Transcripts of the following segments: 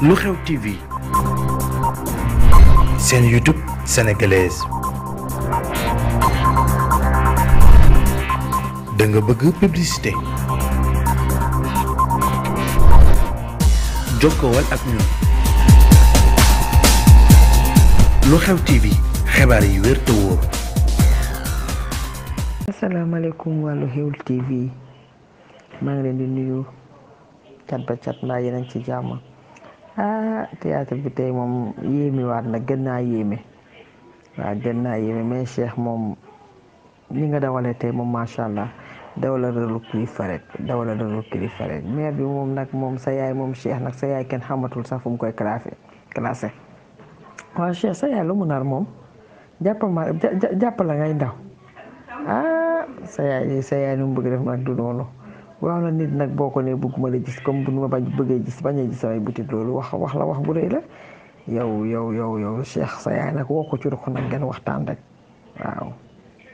lu xew TV seen YouTube sénégalaise da bëgg publicité jokkool ak ñun lu xew TV xibaar yi wér te wóor. asalaamaaleykum waa lu xew TV maa ngi leen di nuyu cat ba cat mbaa yéen ci jàmm. ah théâtre bi tey moom yéemi waat na gën naa yéeme waaw naa yéeme mais Cheikh moom ni nga dawalee tey moom macha allah dawala rëlu kilifa rek dawala rëlu kilifa moom nag moom sa yaay moom Cheikh nag sa yaay kenn xamatul sax fu mu koy classé classé waaw Cheikh sa yaay lu moom jàppal ma jàppal la ndaw ah sa yaay sa yaay nu mu bëgg def nag waaw na nit nag boo ko ne bëgguma la gis comme bu ma bañ bëggee gis bañ a gis samay butit loolu wax wax la wax bu rëy la yow yow yow yow Cheikh sa yaay nag woo ko ci ruq nag ngeen waxtaan rek waaw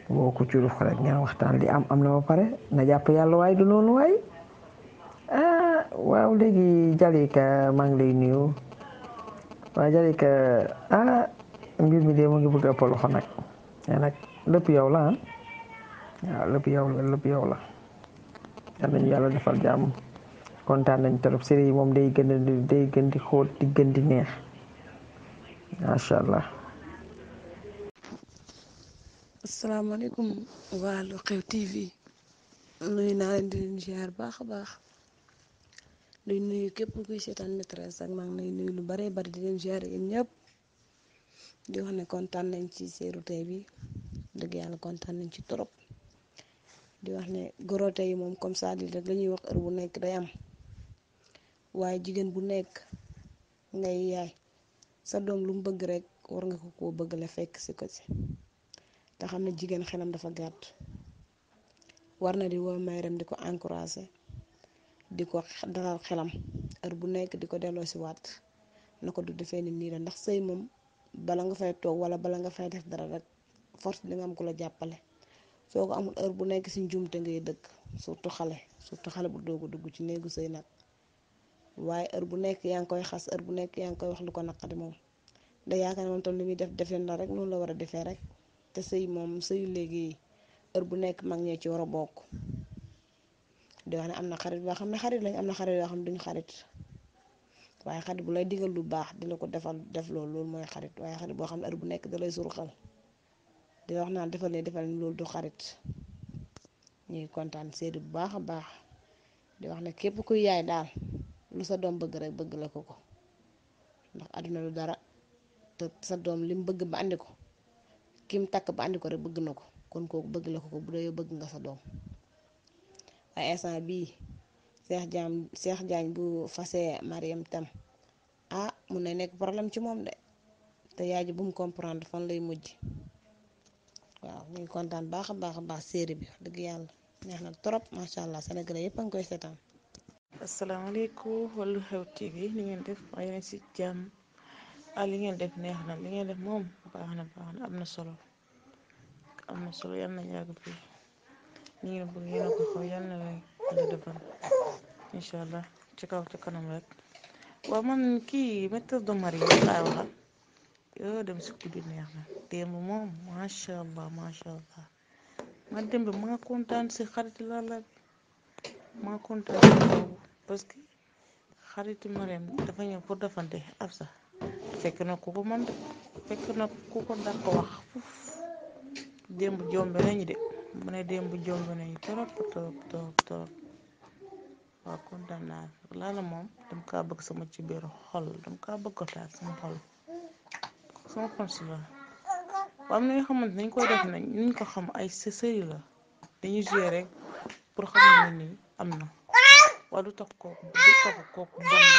woo ko ci ruq rek ngeen waxtaan li am am na ba pare na jàpp yàlla waaye du noonu waay ah waaw léegi Jalika maa ngi lay nuyu waaw Jalika ah mbir mi de mu ngi bëgg a ëpp loxo nag lëpp nag lépp yow la ah. yow la lépp yow la. yal nañu yàlla defal jàmm kontaan nañ trop série yi moom day gën gën di xóot di gën di neex macha allah. asalaamaaleykum waa Lu Xew TV nuyu naa leen di leen ziar baax a baax di nuyu képp kuy seetaan maîtresse ak maa ngi lay lu bare bari di leen ziar yéen ñëpp di wax ne kontaan nañ ci seeru tey bi dëgg yàlla kontaan nañ ci trop. di wax ne gorote yi moom comme ça lii rek la wax heure bu nekk day am waaye jigéen bu nekk ngay yaay sa doom lu mu bëgg rek war nga ko koo bëgg la fekk si ko si te xam na jigéen xelam dafa gàtt war na di woo mayram di ko encourager di ko xelam heure bu nekk di ko delloo si waat na ko du defee ni nii la ndax sëy moom bala nga fay toog wala bala nga fay def dara rek forse di am ku la jàppale soo ko amul heure bu nekk si te ngay dëkk surtout xale surtout xale bu doog dugg ci néegu sëy nag waaye heure bu nekk yaa ngi koy xas heure bu nekk yaa ngi koy wax lu ko naqari moom yaakaar moom tam li muy def defeen la rek noonu war a defee rek te sëy moom sëyu léegi heure bu nekk mag ñee ci war a bokk di ne am na xarit boo xam ne xarit lañ am na xarit yoo xam ne duñ xarit waaye xarit bu lay digal lu baax di la ko defal def loolu loolu mooy xarit waaye xarit boo xam ne heure bu nekk da lay suruxal di wax naa defal ne defal ne loolu du xarit ñuy kontaan séeri bu baax a baax di wax ne képp kuy yaay daal lu sa doom bëgg rek bëgg la ko ko ndax àdduna lu dara te sa doom lim bëgg ba andi ko kim takk ba andi ko rek bëgg na ko kon kooku bëgg la ko ko bu dee bëgg nga sa doom waaye instant bi Cheikh Diagne Cheikh Diagne bu fase Mariam Tam ah mun na nekk problème ci moom de te yaay ji bu comprendre fan lay mujj. waaw ñu ngi kontaan baax a baax a baax série bi dëgg yàlla neex na trop macha allah sénégalais yëpp a ngi koy seetaan. asalaamaaleykum Lu Xew TV li ngeen def ay na si jàmm ah li ngeen def neex na li ngeen def moom baax na baax na am na solo am na solo yal na yàgg fii ñu ngi bëgg yéen a ko xam yal na la defal incha allah ci kaw ci kanam rek waaw man kii maîtresse d'un marié laa waxal. yoo dem si guddi neex na démb moom macha allah macha allah ma démb maa kontaan si xarit Lalla bi maa que xaritu Marème dafa ñëw defante ab sax na ku ko man de fekk na ku démb jombe nañu kontaan naa Lalla moom dama kaa bëgg sama ci biir xol dama kaa bëgg ko taal sama xol. sama cons la am na yoo xamante nañ koy def nañ niñ ko xam ay série la dañuy jouer rek pour xam ne am na waaye du tax kok du taxul kooku bon na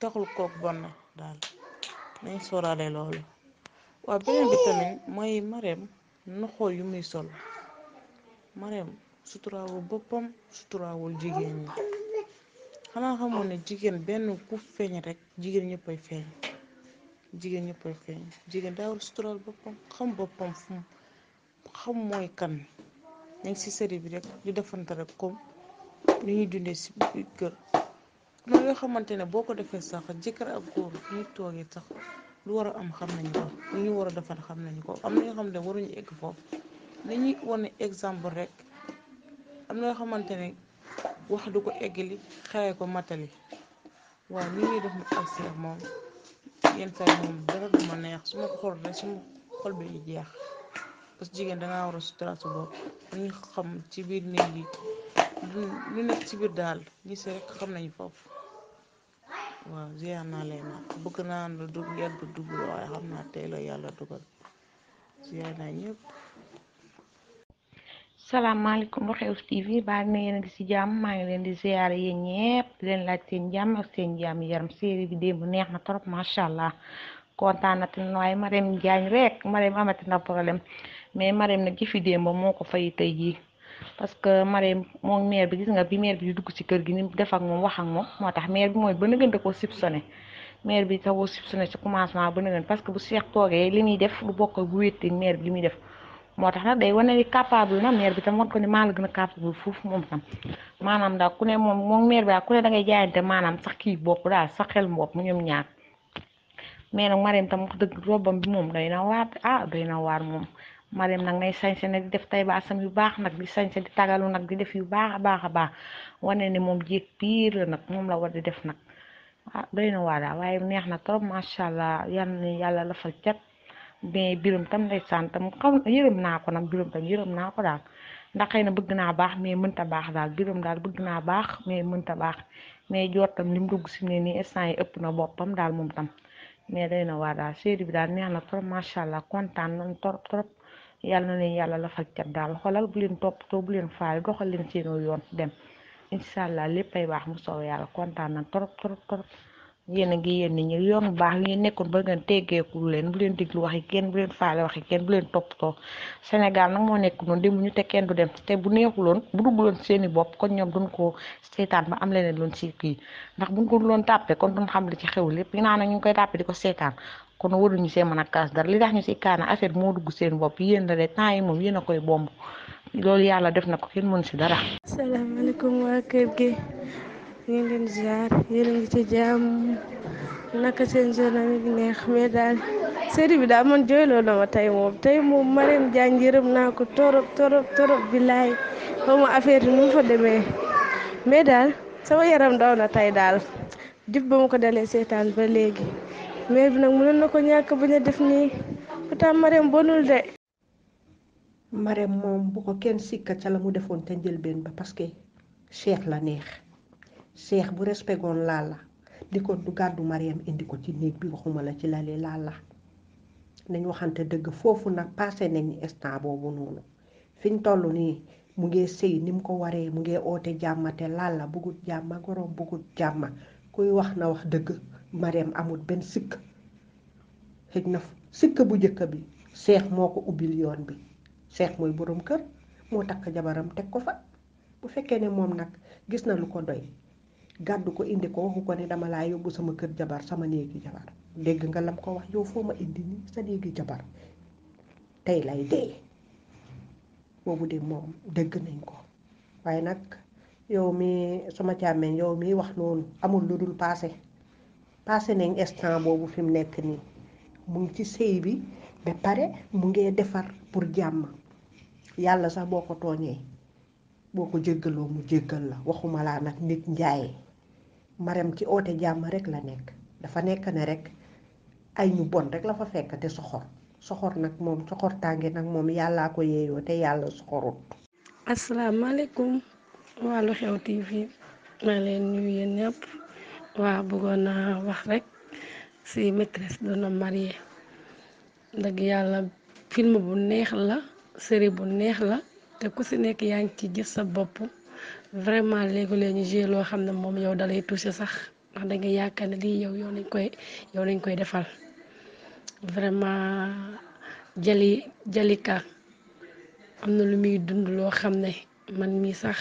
taxul kooku bon na daal nañ sóoraale loolu waaw beneen bi tamit mooy mareem na xool yu muy sol mareem suturaawul boppam suturaawul jigéen ñi xanaa xamoon ne jigéen benn ku feeñ rek jigéen ñëppay feeñ jigéen ñëpp a feeñ jigéen daa war suturaal boppam xam boppam fu xam mooy kan ñu ngi si sëri bi rek di defante rek comme ni ñuy dundee si kër loolu yoo xamante ne boo ko defee sax jëkkër ak góor ñu toogee sax lu war a am xam nañu ko lu ñu war a defar xam nañu ko am na ñoo xam ne waruñu egg foofu dañuy wane exemple rek am na yoo xamante ne wax du ko eggali xawee ko matali waaw ñu ngi def mu agsi moom. yenn saa moom dara du neex su ma xool rek suma xol bi di jeex parce que jigéen dangaa war a sutura sa ñu xam ci biir néeg yi lu nekk ci biir daal gis rek xam nañu foofu waaw ziar naa leen nag bëgg naa la dugg yàlla dugg waaye xam naa tey yàlla dugal ziar naa salaamaaleykum lu xew tv baa na yéen a ngi si jàmm maa ngi leen di ziyaare yéen ñëpp leen laaj seen jàmm ak jaam jàmm yaram série bi démb neex na trop macha allah kontaan na te waaye Marème Diagne rek Marème amati na problème mais Marème nag jëfi démb moo ko fay tey jii parce que Marème moom maire bi gis nga bi maire bi di ci kër gi ni def ak moom wax ak moom moo tax maire bi mooy ba gën da koo soupçonné maire bi tawoo soupçonné ci commencement ba gën parce que bu Cheikh toogee li muy def bokk bu wéttee bi li muy def moo tax nag day wane ni capable na maire bi tam wan ko ni maa la gën a foofu moom maanaam daal ku ne moom moom maire bi daal ku ne da ngay jaayante maanaam sax kii bopp daal sax xel bopp mu ñoom ñaar mais nag Marème tam wax dëgg robam bi moom doy na waar ah doy na waar moom Marème nag sañ sañse nag di def tay sam yu baax nag di sañse di tagalu nag di def yu baax a baax a baax wane ni moom jéeg piir la nag moom la war di def nag ah doy na waar daal waaye neex na trop macha allah yàlla la fal mais biram tam ndeysaan tam xaw yërëm naa ko nag biram tam yërëm naa ko daal ndax xëy na bëgg naa baax mais mënta baax daal biram daal bëgg naa baax mais mënta baax mais joor tam lim dugg si ne nii instant yi ëpp na boppam daal moom tam mais day na waa daal série bi daal neex na trop macha allah kontaan nañ trop trop yàlla na leen yàlla la faj cat daal xoolal bu leen toppatoo bu leen faale doxal leen seenoo yoon dem incha allah léppay baax mu sow yàlla kontaan nañ trop trop trop. yéen a ngi yéen nit ñi yoon baax yi ngeen nekkoon ba ngeen teggeekul leen bu leen diglu waxi kenn bu leen faale waxi kenn bu leen toppatoo Sénégal nag moo nekk noonu dem te bu neexuloon bu dugguloon seeni bopp kon ñoom duñ ko seetaan ba am leneen loon si kii ndax buñ ko loon tàppe kon duñ xam li ci xew lépp ñu naan ñu ngi koy tàppe di ko seetaan kon waruñu see mën a kaas dara li tax ñu si kaana affaire moo dugg seen bopp yéen la de temps yi moom yéen a koy bomb loolu yàlla def na ko kenn mën si dara. asalaamaaleykum waa kër gi ñu ngi leen ziar yéen a ngi ci jàmm naka seen zone bi neex mais daal série bi daal man jooyloo na ma tey moom tey moom Mariam Diagne yërëm naa ko torop torop torop billaay xaw ma affaire yi mu fa demee mais daal sama yaram daw na tey daal jub ba mu ko dalee seetaan ba léegi mais bi nag mënoon na ko ñàkk bañ def nii pourtant Mariam bonul de. Mariam moom bu ko kenn sikka ca la mu defoon te njëlbeen ba parce que Cheikh la neex. seex bu respectoon laala di ko du gàddu Mariam indi ko ci néeg bi waxuma la ci lali laala nañ waxante dëgg foofu nag passé nañ instant boobu noonu fiñ toll nii mu ngi sëy ni mu ko waree mu ngi oote jàmma te laala bëggut jàmma goroom bëggut jàmma kuy wax na wax dëgg Mariam amul benn sikk xëj na sikk bu jëkk bi seex moo ko ubbil yoon bi seex mooy boroom kër moo takk jabaram teg ko fa bu fekkee ne moom nag gis na lu ko doy gàddu ko indi ko waxu ko ne dama laa yóbbu sama kër jabar sama léegi jabar dégg nga lam ko wax yow foo ma indi nii sa néegi jabar tey lay dee boobu de moom dégg nañ ko waaye nag yow mi sama càmmeñ yow mi wax noonu amul lu dul passé passé nañ instant boobu fi mu nekk nii mu ngi ci sëy bi ba mu ngee defar pour jàmm yàlla sax boo ko tooñee boo ko jéggaloo mu jéggal la waxuma laa nag nit njaaye Marème ci oote jàmm rek la nekk dafa nekk ne rek ay ñu bon rek la fa fekk te soxor soxor nag moom soxor tànge nag moom yàllaa ko yeeyoo te yàlla soxorut. asalaamaaleykum waa Lu Xew TV leen nuyu yéen ñëpp waa bëggoon naa wax rek si maîtresse d'un homme marié dëgg yàlla film bu neex la série bu neex la te ku ci nekk yaa ngi ci gis sa bopp. vraiment léegi-léegi ñu joué loo xam ne moom yow dalay touché sax ndax da yaakaar ne lii yow yow lañ koy yow lañ koy defal vraiment jali jalika am na lu muy dund loo xam ne man mii sax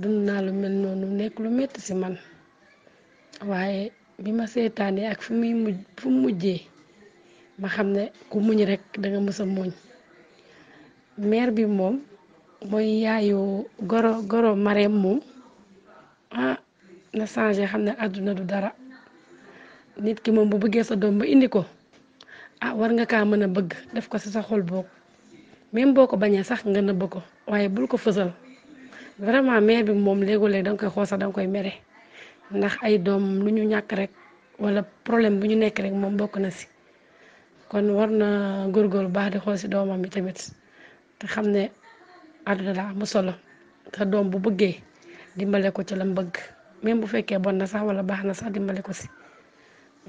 dund naa lu mel noonu nekk lu métti ci man waaye bi ma seetaanee ak fu muy mujj fu mu mujjee ma xam ne ku muñ rek da nga mës a muñ mère bi moom. mooy yaayu goro goro Marème moom ah na changé xam ne àdduna du dara nit ki moom bu bëggee sa doom ba indi ko ah war nga kaa mën a bëgg def ko si sa xol boobu même boo ko bañee sax nga nëbb ko waaye bul ko fësal vraiment mère bi moom léegu-léeg da nga koy xool sax da nga koy mere ndax ay doom lu ñu ñàkk rek walla problème bu ñu nekk rek moom bokk na si kon war na góorgóorlu baax di xool ci doomam bi tamit te xam ne àdduna daa am solo te doom bu bëggee dimbale ko ci lam bëgg même bu fekkee bon na sax wala baax na sax dimbale ko si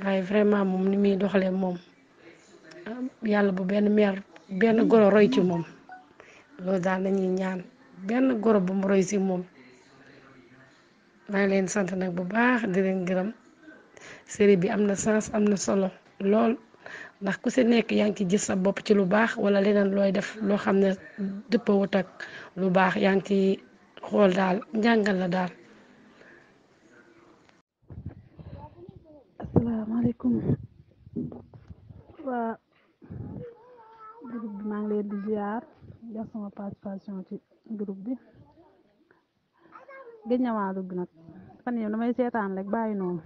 waaye vraiment moom ni muy doxalee moom yàlla bu benn meer benn goro roy ci moom loolu daal nañuy ñaan benn goro bu mu roy si moom maa ngi leen sant nag bu baax di leen gërëm série bi am na sens am na solo lool. ndax ku si nekk yaa ngi ci gis sa bopp ci lu baax wala leneen looy def loo xam ne dëppawut ak lu baax yaa ngi ci xool daal njàngal la daal. asalaamaaleykum waa groupe bi maa leen di ziar jox sama participation ci groupe bi gëj na maa dugg nag fan yii damay seetaan rek bàyyi noonu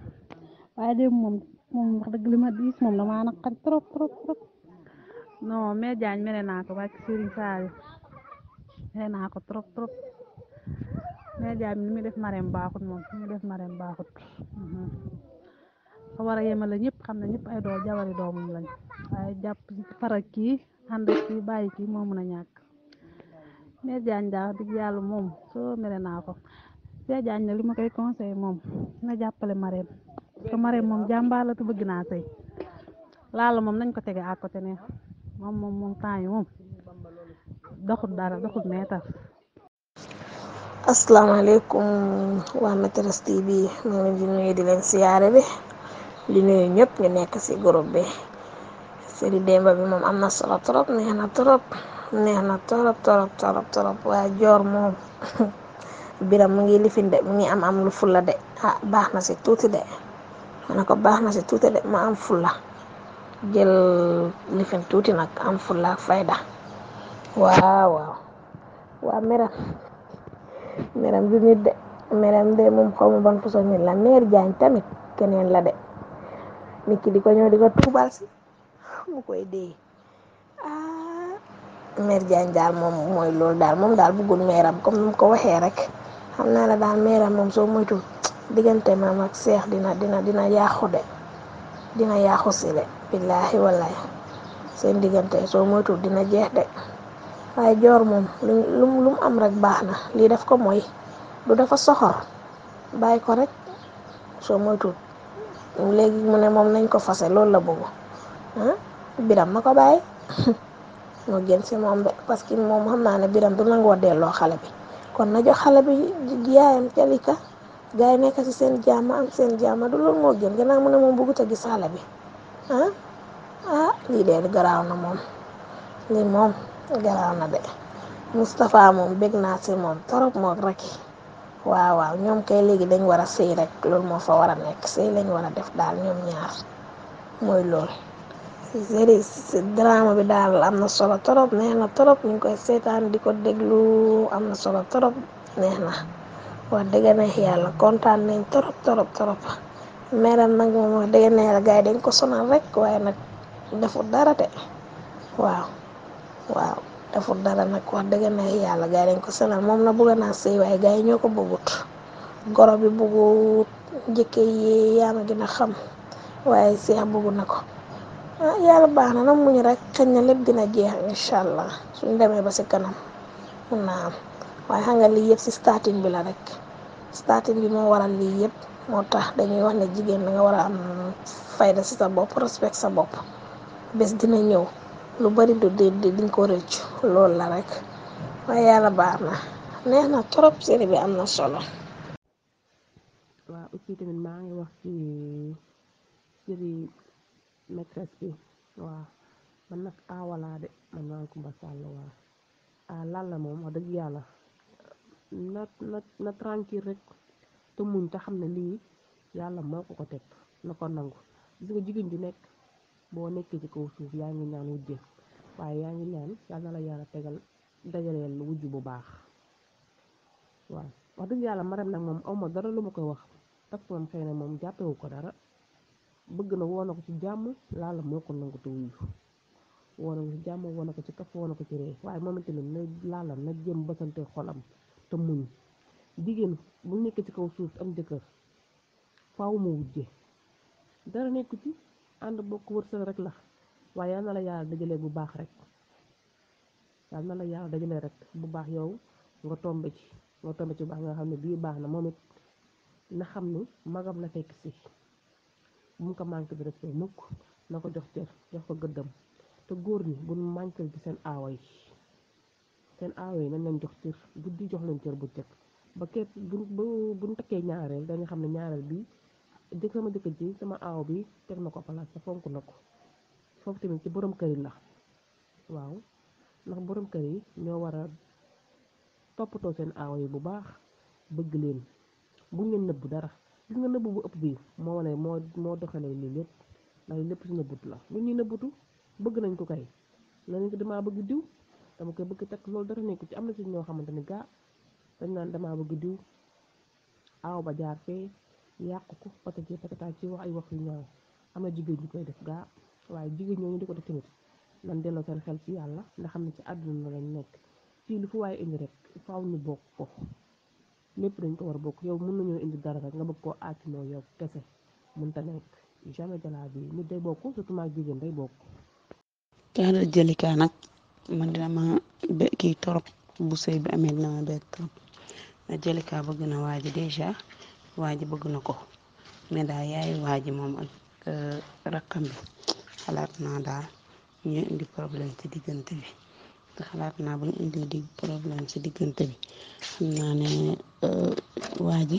waaye démb moom. moom dëgg li ma diis moom damaa naqari trop trop trop non mais mere naa ko wàcc Serigne Saliou mere naa ko trop trop mais Diagne li muy def mareem baaxut moom li muy def mareem baaxut mhm. war a yemale ñëpp xam ne ñëpp ay doo jabari doomam lañ waaye jàpp farak kii ànd kii bàyyi kii moo mën a ñàkk mais Diagne daa dig yàlla moom soo mere naa ko se Diagne ne li ma koy conseillé moom na jàppale mareem parce que moom jàmbaar la bëgg naa sëy laala moom nañ ko tege à côté ne moom moom moom temps yi moom doxul dara doxul meetar asalaamaaleykum waa Maîtresse TV maa ngi leen di nuyu bi di nuyu ñëpp nekk ci groupe bi série Demba bi moom am na solo neex na trop neex na trop waa joor moom biram mu ngi lifin de mu ngi am am lu fulla de ah, baax na si tuuti de ma ko baax na si tuuti de ma am fulla jël lifin tuuti nag am fulla ak fayda waaw waaw meram meram du nit de meram de moom xaw ma ban façon nit la meer jaañ tamit keneen la de nit ki di ko ñëw di ko tuubal si mu jaañ ah. daal moom mooy loolu daal moom daal bëggul meeram comme ni mu ko waxee rek xam naa la daal meeram moom soo moytu diggante ma ak seex dina dina dina yaaxu de dina yaaxu si de billaahi wallaay seen diggante soo moytu dina jeex de waaye joor moom lu mu am rek baax na lii daf ko mooy du dafa soxor bàyyi ko rek soo moytu léegi mu ne moom nañ ko fase loolu la bëgg ah, biram ma ko bàyyi moo gën si moom de parce que moom xam naa ne biram du nangoo delloo xale bi kon na jox xale bi yaayam calika gars yi nekk ci seen jàmm am seen jàmm du loolu moo gën gannaaw mu ne moom bëggut a gis xale bi ah, ah lii de garaaw na moom lii moom garaaw na de Moustapha moom bég naa si moom torop moom rek waaw waaw ñoom kay léegi dañ war a sëy rek loolu moo fa war a nekk sëy lañ war a def daal ñoom ñaar mooy lool série drama bi daal am na solo torop neex na torop ñu koy seetaan di ko déglu am na solo torop neex na wax dëgg neex yàlla kontaan nañ torop torop torop meeram nag moom wax dëgg neex yàlla ko waaye nag deful dara de waaw waaw dara nag wax dëgg yàlla gars yi dañ ko sonal moom na bëgg naa sëy waaye gars yi ñoo ko bëggut goro bi bëggut njëkke yi yaa ma gën xam waaye seex bëggu na ko ah baax na na muñ rek xëy na lépp dina jeex incha allah suñ demee ba si kanam mun waaye xam nga si starting bi la rek statut bi moo waral lii yëpp moo tax dañuy wax ne jigéen da nga war a am fayda si sa bopp respect sa bopp bés dina ñëw lu bari du di diñ ko rëccu lool la rek waaye yàlla baax na neex na trop série bi am na solo waaw aussi tamit maa ngi wax ci série maîtresse bi waaw man nag awalaa de man maa ngi Kumba Sall waaw a ah, lalla moom wax dëgg yàlla na na na rek te muñ te xam ne lii yàlla moo ko ko teg na ko nangu gis nga jigéen ju nekk boo nekkee ci kaw suuf yaa ngi ñaan wujje waaye yaa ngi ñaan yàlla na la yàlla tegal dajaleel wujj bu baax waaw wax dëgg yàlla maram nag moom awma dara lu ma koy wax parce que moom xëy na moom jàppewu ko dara bëgg na woona ko ci jàmm laala moo ko nangu te wuyu woona ko ci jàmm woona ko ci kaf woona ko ci ree waaye moom itamit na laala na jëm bësante xolam te muñ jigéen bu nekk ci kaw suuf am jëkkër faaw ma wujje dara nekku ci ànd bokk wërsëg rek la waaye yal na la yàlla dajale bu baax rek yal na la yàlla dajale rek bu baax yow nga tombe ci nga tombe ci baax nga xam ne bii baax na moom it na xam ni magam la fekk si bu mu ko manqué bi respect mukk na ko jox cër jox ko gëddam te góor ñi bu manqué ci seen aawa yi seen aaw yi nañ leen jox cër guddi jox leen cër bu jëkk ba keet bu bu buñ takkee ñaareel dañu xam ne ñaareel bi jëkk sama jëkkër ji sama aaw bi teg na ko place sa fonk na ko foofu tamit ci borom kër yi la waaw ndax borom kër yi ñoo war a toppatoo seen aaw yi bu baax bëgg leen bu ngeen nëbb dara gis nga nëbb bu ëpp bii moo wane moo moo doxalee lii lépp ndax lépp si nëbbut la lu ñuy nëbbutu bëgg nañ ko kay la ko damaa bëgg diw dama koy bëgg takk loolu dara nekku ci am na si ñoo xamante ni gaa dañ naan damaa bëgg diw aaw ba jaar fee yàq ko patajee patataa ci wax ay wax yu ñaaw am na jigéen ñu koy def gaa waaye jigéen ñooñu di ko def tamit xel ci yàlla nga xam ne ci àdduna lañ nekk fii lu fi waaye indi rek faaw ñu bokk ko lépp dañ ko war bokk yow mën nañoo indi dara rek nga bëgg koo aatinoo ah, yow kese mën ta nekk jamais jalaa bi nit day bokk surtout maag jigéen day bokk. Kër Jalika nag man dina ma be kii torop bu sëy bi amee dina ma bett torop na Jalika bëgg na waa ji dèjà waa ji bëgg na ko mais daal yaay waa ji moom ak euh, xalaat na daal ñu indi problème ci diggante bi te xalaat naa bu ñu indi ci diggante bi xam euh,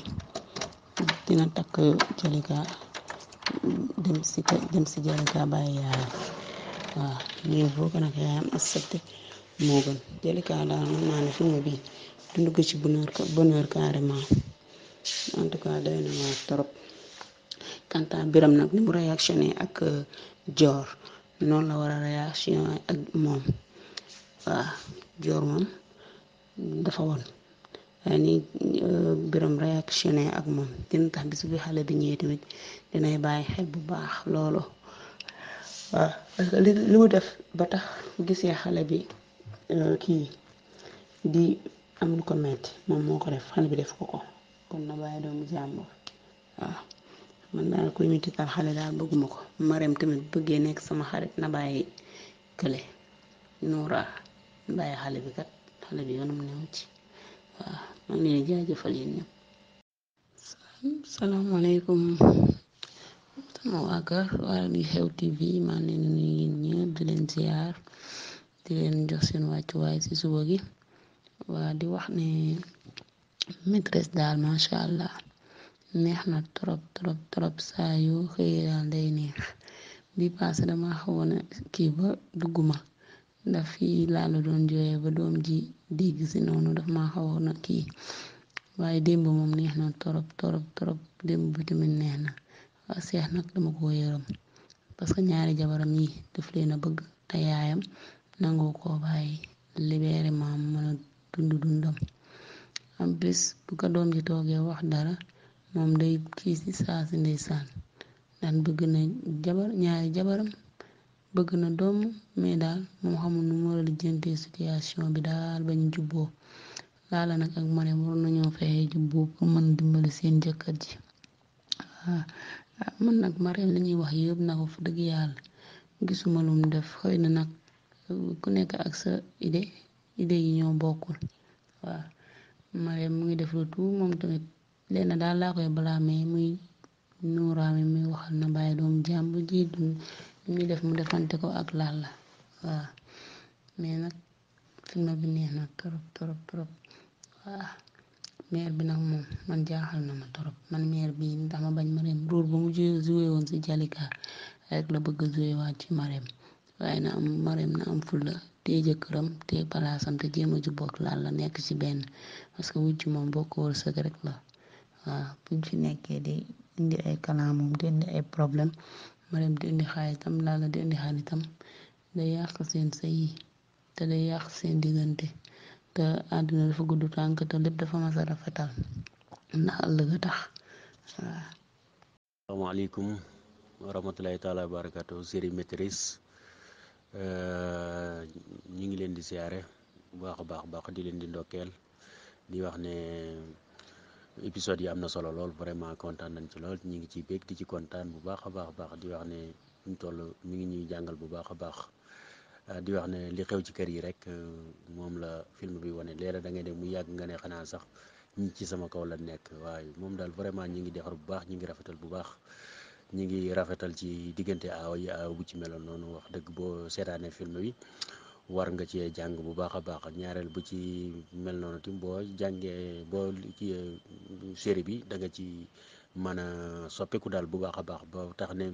dina takk Jalika dem si dem si Jalika yaay waaw mais boo ko nag yaayam accepté moo gën Jalika daal mën naa ne film bi dund ko ci bonheur bonheur carrément en tout cas day na waar trop quant Biram nag ni mu réactionné ak joor euh, noonu la war a réaction ak moom waaw Dior moom dafa woon ni euh, Biram réactionné ak moom dina tax bis bi xale bi ñëwee tamit dinay bàyyi xel bu baax loolu waaw parce que li li def ba tax gisee xale bi euh, kii di am lu ko metti moom moo ko def xale bi def ko ko kon na bàyyi doom jàmbur waaw man daal koy mettital xale daal bëgguma ko mareem tamit bëggee nekk sama xarit na bàyyi kële nuuraa bàyyi xale bi kat xale bi yoonam newu ci waaw maa ngi leen jaajëfal yéen ñëpp salaamaaleykum sama waa kër wala li xew TV maa ngi leen di nuyu ñëpp di leen ziar di leen jox seen wàccuwaay si suba gi waa di wax ne maîtresse daal macha allah neex na trop trop trop saa yu xëy daal day neex bi passé dama xawoon kii ba dugguma daf fii laalu doon jooyee ba doom ji dégg si noonu daf ma xawoon kii waaye démb moom neex na trop trop trop démb bi tamit neex na. waa nag dama ko yërëm parce que ñaari jabaram yi daf leen a bëgg te yaayam nangoo ko bàyyi libéré maam mën a dund dundam am bis bu ko doom ji toogee wax dara moom day kii si saa si ndeysaan daan bëgg na jabar ñaari jabaram bëgg na doom mais daal moom xamul nu mu war bi daal ba ñu jubboo laala nag ak Marème war nañoo fexe jubboo pour mën dimbali seen jëkkër ji waaw Ah, man nag Marème li ñuy wax yëpp nag fu dëgg yàlla gisuma lum def xëy na nag euh, ku nekk ak sa idée idée yi ñoo bokkul waaw Marème mu ngi def lu tout moom tamit lenn daal laa koy blâmer muy nuuraami muy waxal na bàyyi doomu jàmbu ji du muy def mu defante ko ak Lalla waaw mais nag film bi neex na trop trop trop waaw. maire bi nag moom man jaaxal na ma trop man maire bi ma bañ Marème rôle ba mu joué woon ci Jalika rek la bëgg a joué waat ci Marème waaye na am Marème na am fulla te jëkkëram te palaasam te jéem a jubboog laal la nekk ci benn parce que wujj moom bokk wërsëg rek la waaw buñ fi nekkee di indi ay kalam moom indi ay problème Marème di indi xaalitam laal la di indi xaalitam day yàq seen sëy te day yàq seen diggante te àddina dafa gudd tànk te lépp dafa mas a rafetal ndax ëllëg a tax waaw. asalaamaaleykum wa rahmatulahi taala wa barakaatu série maîtrise euh, ñu ngi leen di siyaare bu baax a baax baax di leen di ndokkeel di wax ne épisode yi am na solo lool vraiment kontaan nañ ci lool ñu ngi ciy bég di ci kontaan bu baax a baax baax di wax ne ñu toll mu ngi ñuy jàngal bu baax a baax. Euh, di wax ne li xew ci kër yi rek euh, moom la film bi wane léeg-léeg da ngay dem mu yàgg nga ne xanaa sax ñi ci sama kaw la nekk waaye moom daal vraiment ñi ngi defar bu baax ñi ngi rafetal bu baax ñi ngi rafetal ci diggante aaw yi bu ci meloon noonu wax dëgg boo seetaanee film war nga cee jàng bu baax a baax ñaareel bu ci mel noonu tim boo jàngee boo ci euh, série bi da nga ci mën a soppeeku daal bu baax a baax ba tax ne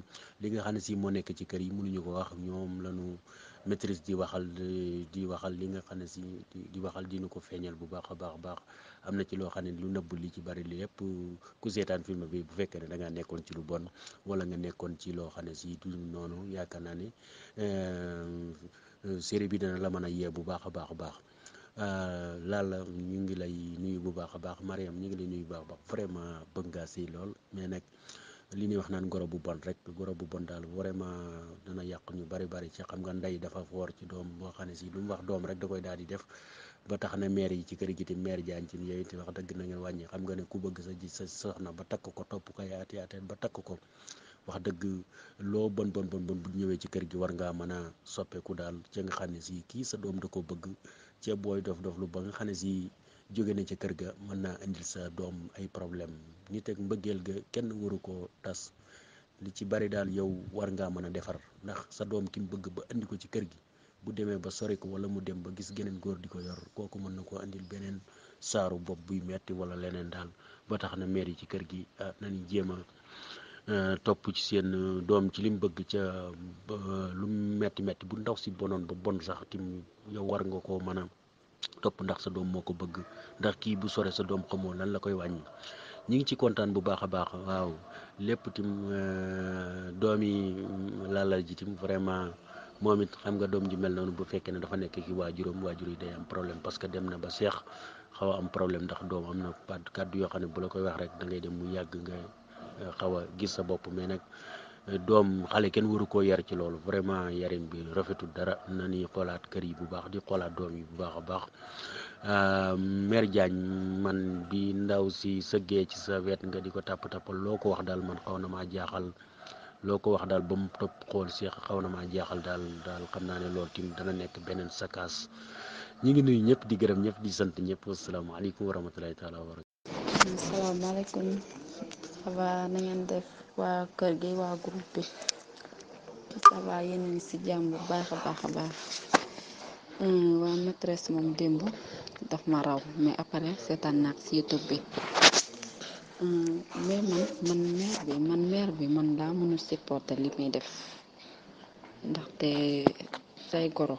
li nga xam ne si moo nekk ci kër yi mënuñu ko wax ñoom lañu maîtrise di waxal di waxal li nga xam ne si di waxal dina ko feeñal bu baax a baax baax am na ci loo xam ne lu nëbb li ci bari li yëpp ku seetaan film bi bu fekkee ne dangaa nekkoon ci lu bon wala nga nekkoon ci loo xam ne si du noonu yaakaar naa ne euh, série bi dana la mën a yee bu baax a baax a baax euh, Lalla ñu ngi lay nuyu bu baax a baax Mariam ñu ngi lay nuyu baax a baax vraiment bëgg ngaa si lool mais nag. li ñuy wax naan goro bu bon rek goro bu bon daal vraiment dana yàq ñu bari bari ci xam nga ndey dafa foor ci doom boo xam ne si lu mu wax doom rek da koy daal di def ba tax na maire yi ci kër gi itam maire jaan ci yooyu itam wax dëgg na ngeen wàññi xam nga ne ku bëgg sa ji sa soxna ba takk ko topp ko yaati ba takk ko wax dëgg loo bon bon bon bon bu ñëwee ci kër gi war ngaa mën a soppeeku daal ci nga xam ne si kii sa doom da ko bëgg ca booy dof dof lu ba nga xam ne si jóge na ci kër ga mën naa indil sa doom ay problème nit ak mbëggeel ga kenn waru koo tas li ci bari daal yow war ngaa mën a defar ndax sa doom ki mu bëgg ba indi ko ci kër gi bu demee ba sori ko wala mu dem ba gis geneen góor di ko yor kooku mën na koo indil beneen saaru bopp buy metti wala leneen daal ba tax na maire yi ci kër gi ah, nañu jéem a eh, topp ci seen doom ci li bëgg ca lu metti metti bu ndaw si bonoon ba bon sax tim yow war nga koo mën a topp ndax sa doom moo ko bëgg ndax kii bu sore sa doom xamoo nan la koy wàññi ñu ngi ci kontaan bu baax a baax waaw lépp tim euh, doom yi mm, laalal ji tim vraiment moom it xam nga doom ji mel noonu bu fekkee ne dafa nekk ki waajuram waajur yi day am problème parce que dem na ba seex xaw am problème ndax doom am na kàddu yoo xam ne bu la koy wax rek dangay dem mu yàgg nga euh, xaw a gis sa bopp mais nag. doom xale kenn waru koo yar ci loolu vraiment yarin bi rafetul dara na ni xoolaat kër yi bu baax di xoolaat doom yi bu baax a baax euh, mère Diagne man bi ndaw si sëggee ci sa wet nga di ko tàpp tàppal loo ko wax daal man xaw na maa jaaxal loo ko wax daal ba mu topp xool seex xaw na maa jaaxal daal daal xam naa ne lool tim dana nekk beneen sakaas ñu ngi nuyu ñëpp di gërëm ñëpp di sant ñëpp asalaamaaleykum wa rahmatulahi taala wa barakatu asalaamaaleykum waa kër gi waa groupe bi ça va yéen ngi ci jàmm bu baax a baax a baax euh, waa maîtresse moom démb daf ma raw mais après seetaan naa ci YouTube bi euh, mais man man bi man mère bi man laa mënul supporter li muy def ndaxte say goro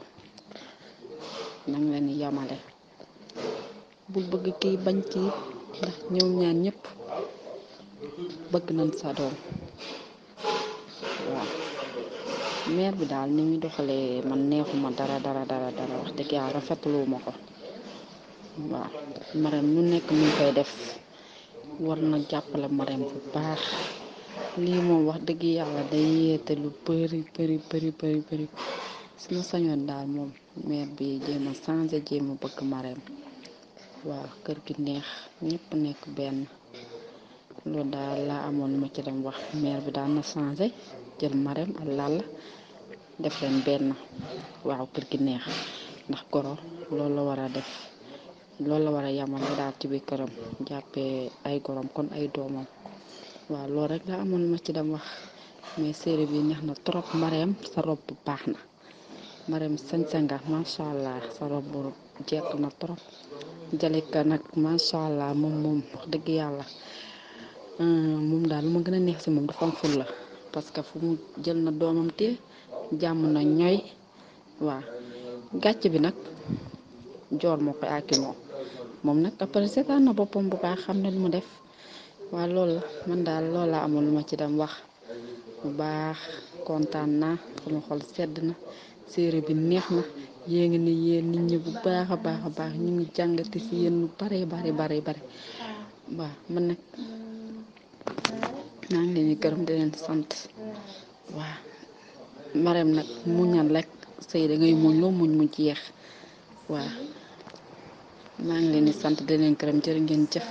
nam leen yamale bul bëgg kii bañ kii ndax ñoom ñaan ñëpp bëgg nañ sa doom waaw maire bi daal ni muy doxalee ma neexuma dara dara dara dara wax dëgg yàlla rafetlu ko waaw maram ñu nekk mu koy def war na jàppale maram bu baax lii moom wax dëgg yàlla day yeete lu bëri bëri bëri bëri bëri suma sañoon daal moom maire bi jéem a changé jéem a bëgg maram waaw kër gi neex ñépp nekk benn loolu daal laa amoon lu ma ci dem wax maire bi daal na changé jël a ak lalla def leen benn waaw kër gi neex ndax goro loolu la war a def loolu la war a yamale daal ci biir këram ay gorom kon ay doomam waaw loolu rek laa amoon ma ci dem wax mais série bi neex na trop mareem sa rob bu baax na mareem sañ-sañ nga macha allah sa rob bu na trop Jalika nag macha allah moom moom wax dëgg yàlla. Euh, moom daal lu ma gën a neex si moom dafa am fulla parce que fu mu jël na doomam te jàmm na ñooy waaw gàcc bi nag joor moo koy àkkimoo moom nag après seetaan na boppam bu baax xam ne lu mu def waa lool la mën daal loolu laa amoon lu ma ci dem wax bu baax kontaan naa sama xol sedd na série bi neex na yéen ngi ne yéen nit ñi bu baax a baax a baax ñu ngi jàngate si yéen lu bare bare bare bare waaw man nag naa ngi leen di këram di leen sant waaw Marème nag muñal rek sëy da ngay muñ loo muñ mu jeex waaw maa ngi leen di sant di leen gërëm ngeen jëf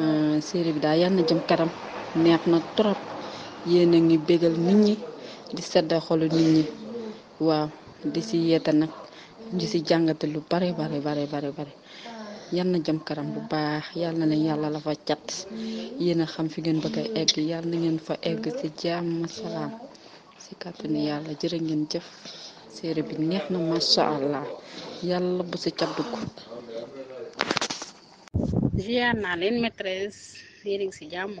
euh, série bi daal yal na jëm karam neex na trop yéen a ngi bégal nit ñi di sedd xolu nit ñi waaw di si yeeta nag di si jàngate lu bare bare bare bare bare yal na jëm karam bu baax yal na yàlla la fa cat yéen a xam fi ngeen bëgg a egg yal na ngeen fa egg ci jàmm salaam ci kàttanu yàlla jërë ngeen jëf série bi neex na macha allah yàlla bu naa leen maîtresse yéen ci jàmm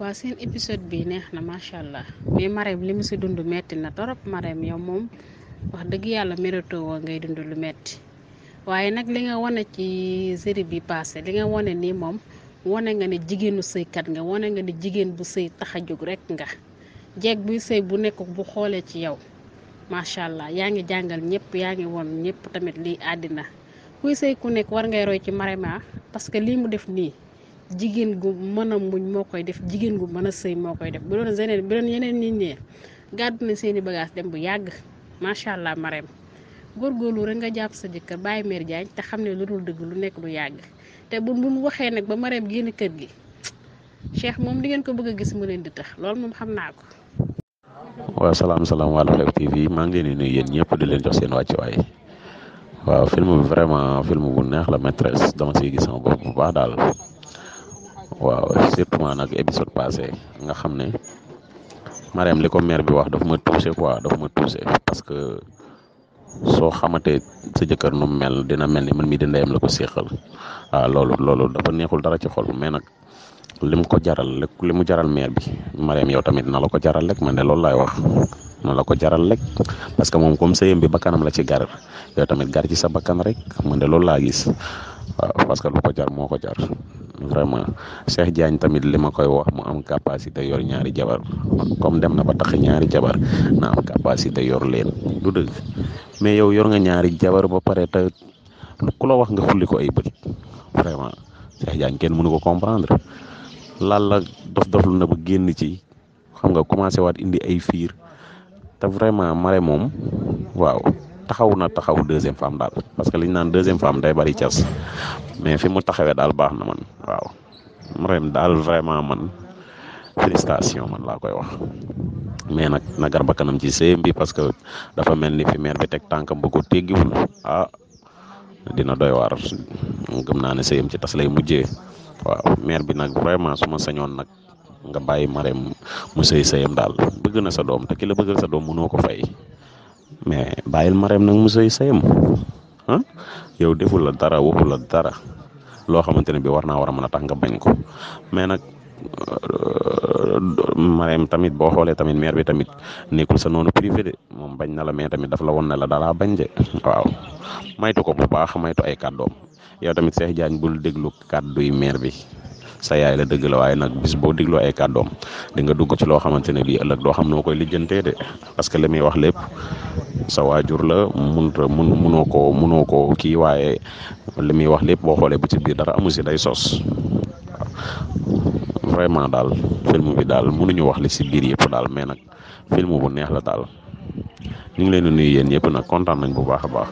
waa seen épisode bi neex na macha allah mais Marème li mu ci dund metti na torop Marème yow moom wax dëgg yàlla méritoo woo ngay dund lu metti waaye nag li nga wane ci série bi passé li nga wane nii moom wane nga ne jigéenu sëykat nga wane nga ne jigéen bu sëy tax a jóg rek nga jeeg buy sëy bu nekk bu xoolee ci yow macha allah yaa ngi jàngal ñëpp yaa ngi woon ñëpp tamit lii àddina kuy sëy ku nekk war ngay roy ci Marema parce que lii mu def nii jigéen gu mën a muñ moo koy def jigéen gu mën a sëy moo koy def bu doon yeneen bu doon yeneen nit ñee gàddu na seeni bagage dem bu yàgg macha allah Marema góorgóorlu rek nga jàpp sa jëkkër bàyyi meer Diagne te xam ne lu dul dëgg lu nekk lu yàgg te bu bu mu waxee nag ba Marème génn kër gi Cheikh moom di ngeen ko bëgg a gis mu leen di tax loolu moom xam naa ko. waaw salaam salaam waa Lu Xew maa ngi leen di nuyu yéen ñëpp di leen jox seen wàccuwaay waaw film bi vraiment film bu neex la maîtresse dama siy gis sama bopp bu baax daal waaw surtout nag épisode passé nga xam ne Marème li ko mère bi wax dafa ma touché quoi que. soo xamante sa jëkkër nu mel dina mel ni man mii di ndeyam la ko séexal waaw ah, loolu loolu dafa neexul dara ci xol mais nag li mu ko jaral rek li mu jaral meer bi Mariam yow tamit na la ko jaral rek man de loolu laay wax na la ko jaral rek parce que moom comme sëyam bi bakkanam la ci gar yow tamit gar ci sa bakkan rek man de loolu laa gis waaw ah, parce que lu ko jar moo ko jar. vraiment Cheikh Diagne tamit li ma koy wax mu am capacité yor ñaari jabar comme dem na ba tax ñaari jabar na am capacité yor leen du dëgg mais yow yor nga ñaari jabar ba pare ta ku la wax nga xulli ko ay bët vraiment Cheikh Diagne kenn mënu ko comprendre lan la dof doflu na ba génn ci xam nga commencé waat indi ay fiir te vraiment mare moom waaw taxaw na taxaw deuxième femme daal parce que li ñu naan deuxième femme day bari cas mais fi mu taxawee daal baax na man waaw Marème daal vraiment man félicitation man laa koy wax mais nag na garba kanam ci séem bi parce que dafa mel ni fi maire bi teg tànkam ba ko teggiwul a ah dina doy waar gëm naa ne séem ci tas lay mujje waaw maire bi nag vraiment suma ma sañoon nag nga bàyyi Marème mu sëy sëyam daal bëgg na sa doom te ki la bëggal sa doom mënoo ko fay. mais bàyyil mareem nag mu sëy sëyam ah yow deful la dara waxul la dara loo xamante ne bi war naa war a mën a tax bañ ko mais nag euh, mareem tamit boo xoolee tamit maire bi tamit nekkul sa noonu privé de moom bañ na la mais tamit daf la woon ne la dalaa bañ de waaw maytu ko bu baax maytu ay kàddoom yow tamit Cheikh Diagne bul déglu kàdduy maire bi sa yaay la dëgg la waaye nag bis boo digloo ay kàddoom di nga dugg ci loo xamante ne bii ëllëg doo xam noo koy lijjantee de parce que li muy wax lépp sa waajur la mun mun munoo koo munoo koo kii waaye li muy wax lépp boo xoolee bu ci biir dara amu si day soos vraiment daal film bi daal mënuñu wax li si biir yëpp daal mais nag film bu neex la daal ñu ngi leen di yéen yëpp nag kontaan nañ bu baax a baax.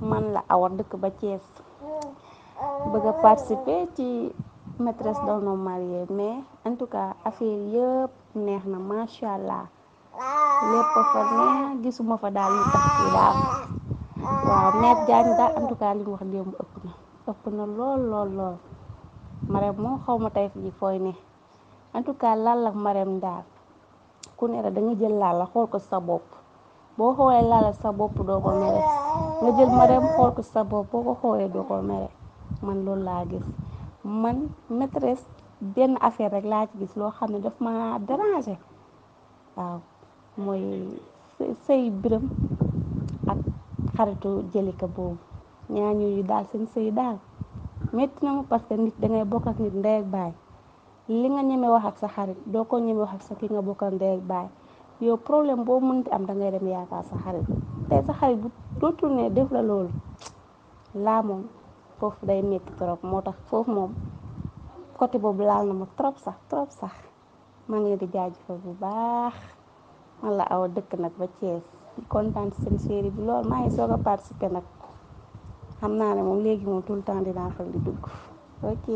man la awa dëkk ba Thiès bëgg participer ci maîtresse d'un homme marié mais en tout cas affaire yëpp neex na macha allah lépp fa neex gisuma fa daal lu tax ci daal waaw maître Diagne daal en tout cas li wax démb ëpp na ëpp na lool lool lool Marème xaw ma tey fii fooy ne en tout cas laal ak Marème daal ku ne da nga jël laal la xool ko ci sa bopp. boo xoolee lala sa bopp doo ko mere nga jël ma dem xool ko sa bopp boo ko xoolee doo ko mere man loolu laa gis man maîtresse benn affaire rek laa ci gis loo xam ne daf ma déranger waaw mooy sëy biram ak xaritu jëlika boobu ñaa ñooñu daal seen sëy daal métti na ma parce que nit dangay bokk ak nit ndey ak baay li nga ñeme wax ak sa xarit doo ko ñeme wax ak sa ki nga bokk ak baay yow problème boo mënti am dangay ngay dem yaakaar sa xarit te sa xarit bu dootul ne def la loolu laa moom foofu day nekk trop moo tax foofu moom côté boobu laal na ma trop sax trop sax maa ngi leen di jaajëfal bu baax man aw dëkk nag ba Thiès di kontaan ci seen série bi lool maa ngi soog a participer nag xam naa ne moom léegi moom tout temps dinaa fal di dugg ok.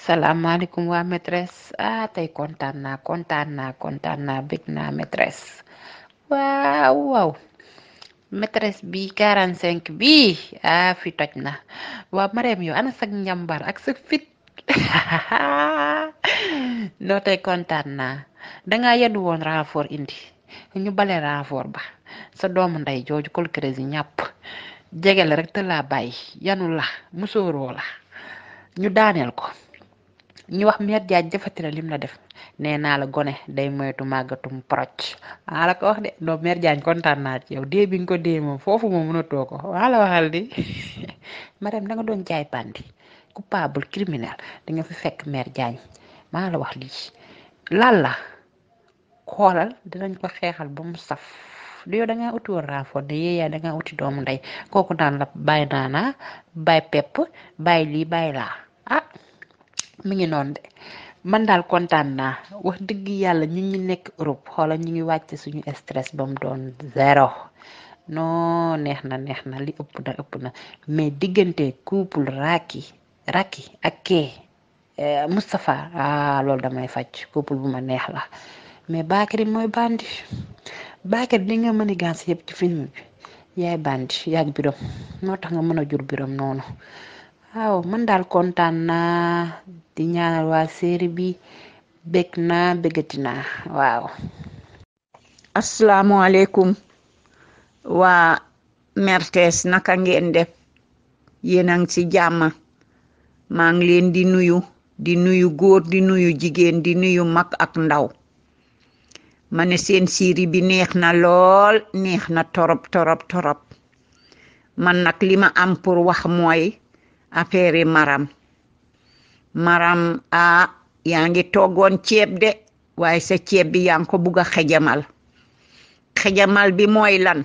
salaamaaleykum waa maîtresse ah tey kontaan naa kontaan naa kontaan naa bëgg naa maîtresse bi 45 bi ah fi toj na waa Marème yow ana sag njàmbar ak sa fit noo tey kontaan naa danga yedd woon renfort indi ñu bale renfort ba sa doomu ndey jooju kol crési ñàpp jege la rek te laa bàyyi yanu la musooroo la ñu daaneel ko ñu wax Maître Diagne jëfati na lim la def nee naa la gone day moytu màggatum proc maa la ko wax de non Maître Diagne kontaan naa ci yow dee nga ko dee foofu moom mënatoo ko maa la waxal di madame da nga doon jaay bandi coupable criminel da nga fi fekk Maître Diagne maa la wax lii lan la xoolal dinañ ko xeexal ba mu saf du yow da ngaa uti woon renfort de yéen yaa da ngaa uti doomu ndey kooku naan la bàyyi naana bàyyi pepp bàyyi lii bàyyi laa ah! mi ngi noonu de man daal kontaan naa wax dëgg yàlla ñun ñi nekk Europe xoola ñu ngi wàcce suñu stress ba mu doon zéro noo neex na neex na li ëpp na ëpp na mais diggante couple Racky Racky ak kee eh, Moustapha ah loolu damay faj couple bu ma neex la mais Bakary mooy bandi Bakary di nga mën a yëpp ci film bi yaay bandi yaag biram moo tax nga mën a jur biram noonu. waaw man daal kontaan naa di ñaanal waa série bi bég naa bégati naa waaw asalaamualeykum waa mertes naka ngeen def yéen a ngi ci jàmm maa ngi leen di nuyu di nuyu góor di nuyu jigéen di nuyu mag ak ndaw ma ne seen série bi neex na lool neex na torop torop torop man nag lima am pour wax mooy affaire maram maram ah yaa ngi toggoon ceeb de waaye sa ceeb bi yaa ngi ko bugg a xejamal xejamal bi mooy lan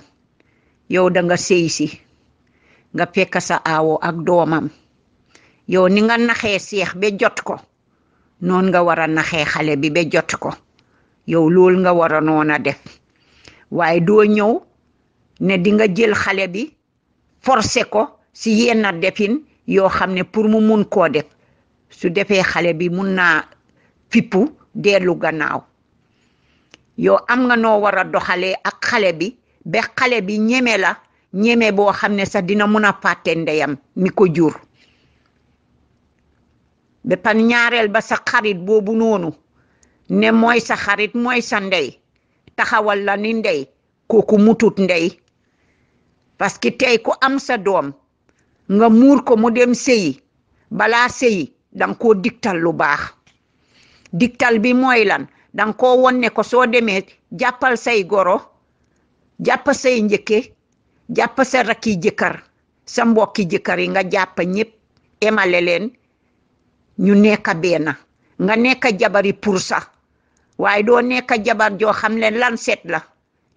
yow danga nga nga fekk sa aawo ak doomam yow ni nga naxee seex ba jot ko noon nga war a naxee xale bi ba jot ko yow lool nga war a noon a def waaye doo ñëw ne dinga nga jël xale bi forcé ko si yenn defin yoo xam ne pour mu mun koo def su defee xale bi mun naa fippu dellu gannaaw yow am nga noo war a doxalee ak xale bi be xale bi ñeme la ñeme boo xam ne sax dina mun a fàtte ndeyam mi ko jur ba pan ñaareel ba sa xarit boobu noonu ne mooy sa xarit mooy sa ndey taxawal la ni ndey kooku mutut ndey parce que tey ku am sa doom nga muur ko mu dem sëyi bala sëyi danga ko diktal lu baax digtal bi mooy lan danga ko won ko soo demee jàppal say goro jàpp say njëkke jàpp sa rakki jëkkër sa mbokki jëkkër yi nga jàpp ñépp emale leen ñu nekk benn nga nekk jabari pour ça waaye doo nekk jabar joo xam ne lan set la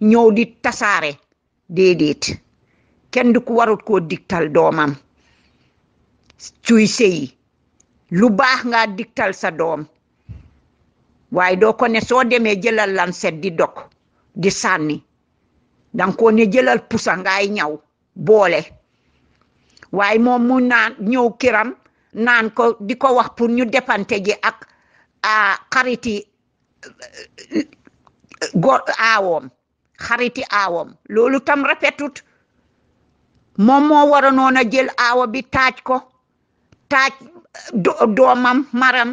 ñëw di tasaare déedéet kenn du ko warut koo diktal doomam suy sëyi lu baax nga digtal sa doom waaye doo ko ne soo demee jëlal lanset di dog di sànni danga ko ne jëlal pusa ngay ñaw boole waaye moom mu naan ñëw kiram naan ko di ko wax pour ñu dépante ji ak xariti go aawoom xariti aawoom loolu tam rafetut moom moo waroon a jël aawa bi taaj ko taaj doomam maram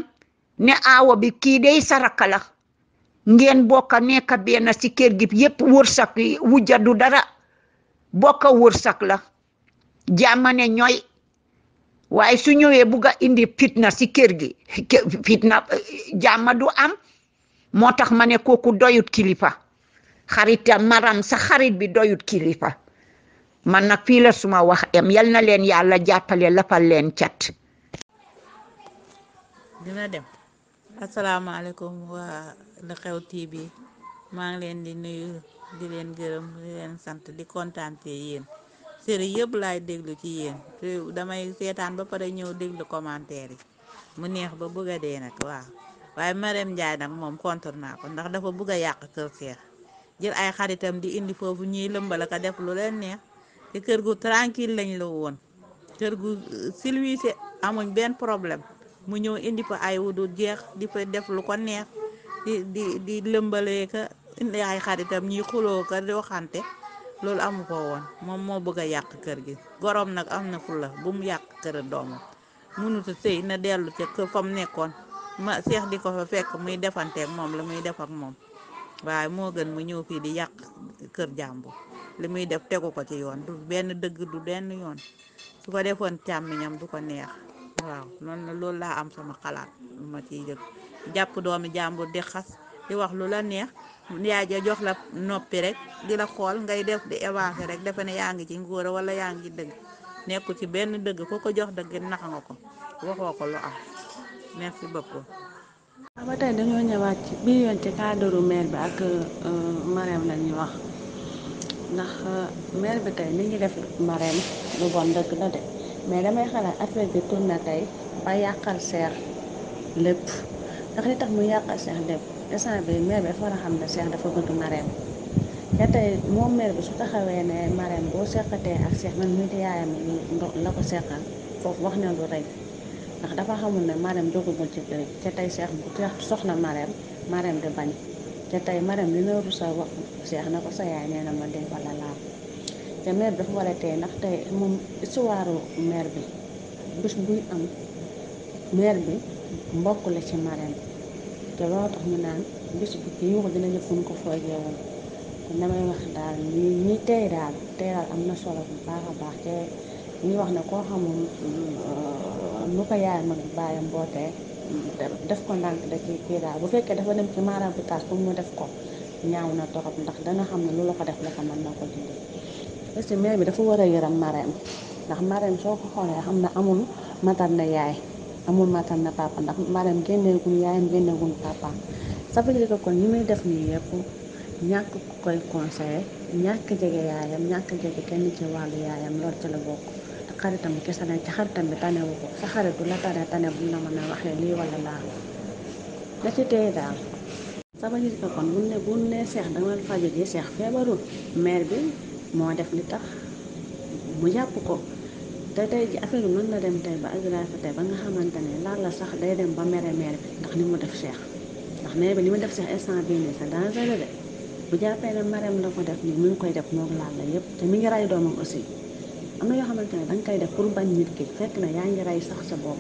ne aawa bi kii day saraka la ngeen bokka nekka benn ci kër gi yépp wërsëg wujja du dara bokka wërsëg la jàmmane ñooy waaye su ñëwee bugg a indi fitna ci kër gi fitna jàmma du am moo tax ma ne kooku doyut kilifa xarita maram sa xarit bi doyut kilifa man nag fii la suma wax em yal na leen yàlla jàppale lafal leen cat. dina dem asalaamaaleykum waa Lu Xew TV maa ngi leen di nuyu di leen gërëm di leen sant di kontaan te yéen série yëpp laay déglu ci yéen damay seetaan ba pare ñëw déglu commentaire yi mu neex ba bëgg a dee nag waaw waaye Marème Ndiaye nag moom contre naa ko ndax dafa bëgg a yàq kër Seex jël ay xaritam di indi foofu ñuy lëmbal ka def lu leen neex. te kër gu tranquille lañ la woon kër gu euh, silwiise amuñ benn problème mu ñëw indi fa ay wudu jeex di fa def lu ko neex di di di indi ay xaritam ñuy xuloo ka di loolu amu ko woon moom moo bëgg a yàq kër gi gorom nag am na fulla bu mu yàq kër doomam mënut a sëy na dellu ca kër fa mu nekkoon ma seex di ko fa fekk muy defanteeg moom la muy def ak moom waaye moo gën mu ñëw fii di yàq kër jàmbu li muy def tegu ko ci yoon benn dëgg du benn yoon su ko defoon càmmiñam du ko neex waaw noonu loolu laa am sama xalaat ma ciy dëgg jàpp doomi jàmbur di xas di wax lu la neex yaay ja jox la noppi rek di la xool ngay def di avancé rek defe ne yaa ngi ci ngóora wala yaa ngi dëgg nekku ci benn dëgg ku ko jox dëgg nax nga ko waxoo ko lu am merci beaucoup. ba tey dañoo ñëwaat ci bi yoon ci cadre maire bi ak euh, Marème la wax. ndax euh, maire bi tey li ñu def marraine lu bon dëgg la de mais damay xalaat affaire bi tourné na tey ba yàqal seer lépp ndax li tax mu yàqal seer lépp instant bi maire bi dafa war a xam ne seer dafa bëgg marraine te tey moom maire bi su taxawee ne marraine boo seqatee ak seex man mii di yaayam la ko seqal foofu wax na lu rëy ndax dafa xamul ne marraine jógagul ci kër te tey seex bu soxna marraine marraine di bañ. te tey maram li nooru sa wax seex na ko sa yaay nee ma dee wala laal te maire bi dafa war a tey ndax tey moom istuwaaru maire bi bés buy am maire bi mbokk la ci maram te loo tax ñu naan bés bu kii wax dina jëf ko foojeewul kon damay wax daal ñi tey daal tey daal am na solo bu baax a baax te ñuy wax ne koo xamul nu ko yaay mag baayam bootee def ko ndànk da ciy kii daal bu fekkee dafa dem ci maaraam bu taas pour mu def ko ñaaw na torop ndax dana xam ne lu la ko def la ko na ko dindi parce que mère bi dafa war a yëram mareem ndax mareem soo ko xoolee xam ne amul matal na yaay amul matal na papa ndax mareem génneegul yaayam génneegul papa ça veut dire que kon ñi muy def nii yëpp ñàkk ku koy conseillé ñàkk jege yaayam ñàkk jege kenn ci wàllu yaayam loolu ci la bokk xaritam bi kese nañ ci xaritam bi tane wu ko sa xarit du la tane tane bu la mën a waxee lii wala laa da ci tey daal ça veut dire que kon bu ne bu ne seex dama fajo ji seex feebarul maire bi moo def li tax mu jàpp ko te tey ji affaire bi mën na dem tey ba aggravé fa tey ba nga xamante ne laal la sax day dem ba mere maire bi ndax li mu def seex ndax maire bi li mu def seex instant bii nii c'est dangereux de bu jàppee ne mareem na ko def nii mu ngi koy def moom laal la yépp te mi ngi ray am na yoo xamante ne danga koy def pour bañ nit ki fekk na yaa ngi rey sax sa bopp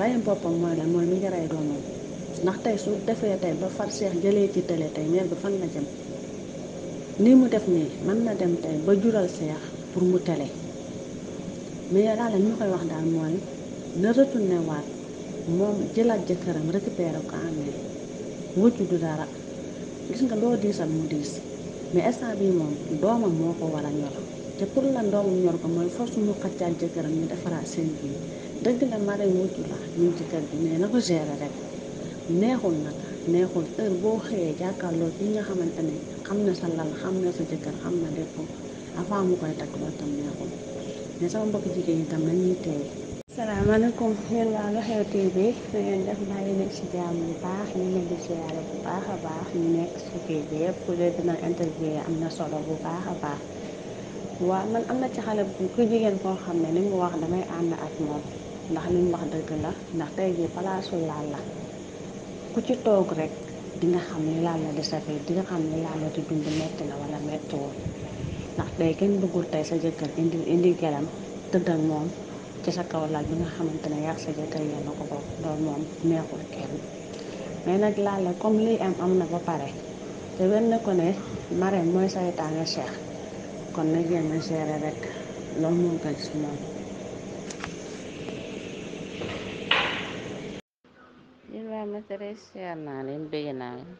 reyam boppam mooy lan mooy mi ngi rey doomam ndax tey su defee tey ba far seex jëlee ci télé tey meer bi fan la jëm ni mu def nii mën na dem tey ba jural seex pour mu télé mais daal ñu koy wax daal mooy na ne waat moom jëlaat jëkkëram récupéré ko amee wëcc du dara gis nga loo diisal mu diis mais instant bii moom doomam moo ko war ñor te pour lan doomam ñor ko mooy force mu xaccaat jëkkëram ñu defaraat seen biir dëgg la mare wujju la ñu ngi ci kër na ko gérer rek neexul na neexul heure boo xëyee jàkkarloo ci nga xamante ne xam na sa lal xam na sa jëkkër xam na lépp avant mu koy takk loolu neexul mais sama mbokk jigéen ñi tam nañuy teey salaamaaleykum yéen waa def maa ngi nekk si jàmm bu di ziyaare bu baax a baax ñu nekk si kii bi yëpp ku dee dina interview am na solo bu baax a baax waaw man am na ci xale bu ku jigéen koo xam ne ni mu wax damay ànd ak moom ndax li mu wax dëgg la ndax tey jii palaasu laal la ku ci toog rek di nga xam ni laal la di safee di nga xam ni laal la di dund metti na wala mettiwul ndax tey kenn bëggul tey sa jëkkër indi indi gelam tëdd ak moom ci sa kaw laal bi nga xamante ne yaa sa jëkkër yéen a ko bokk loolu moom neexul kenn mais nag laal la comme lii am am na ba pare te wenn ko ne marraine mooy saytaane cheikh kon na a seere rek loolu moo gën si moom yéen waa maîtresse siyaar naa leen bëgg naa leen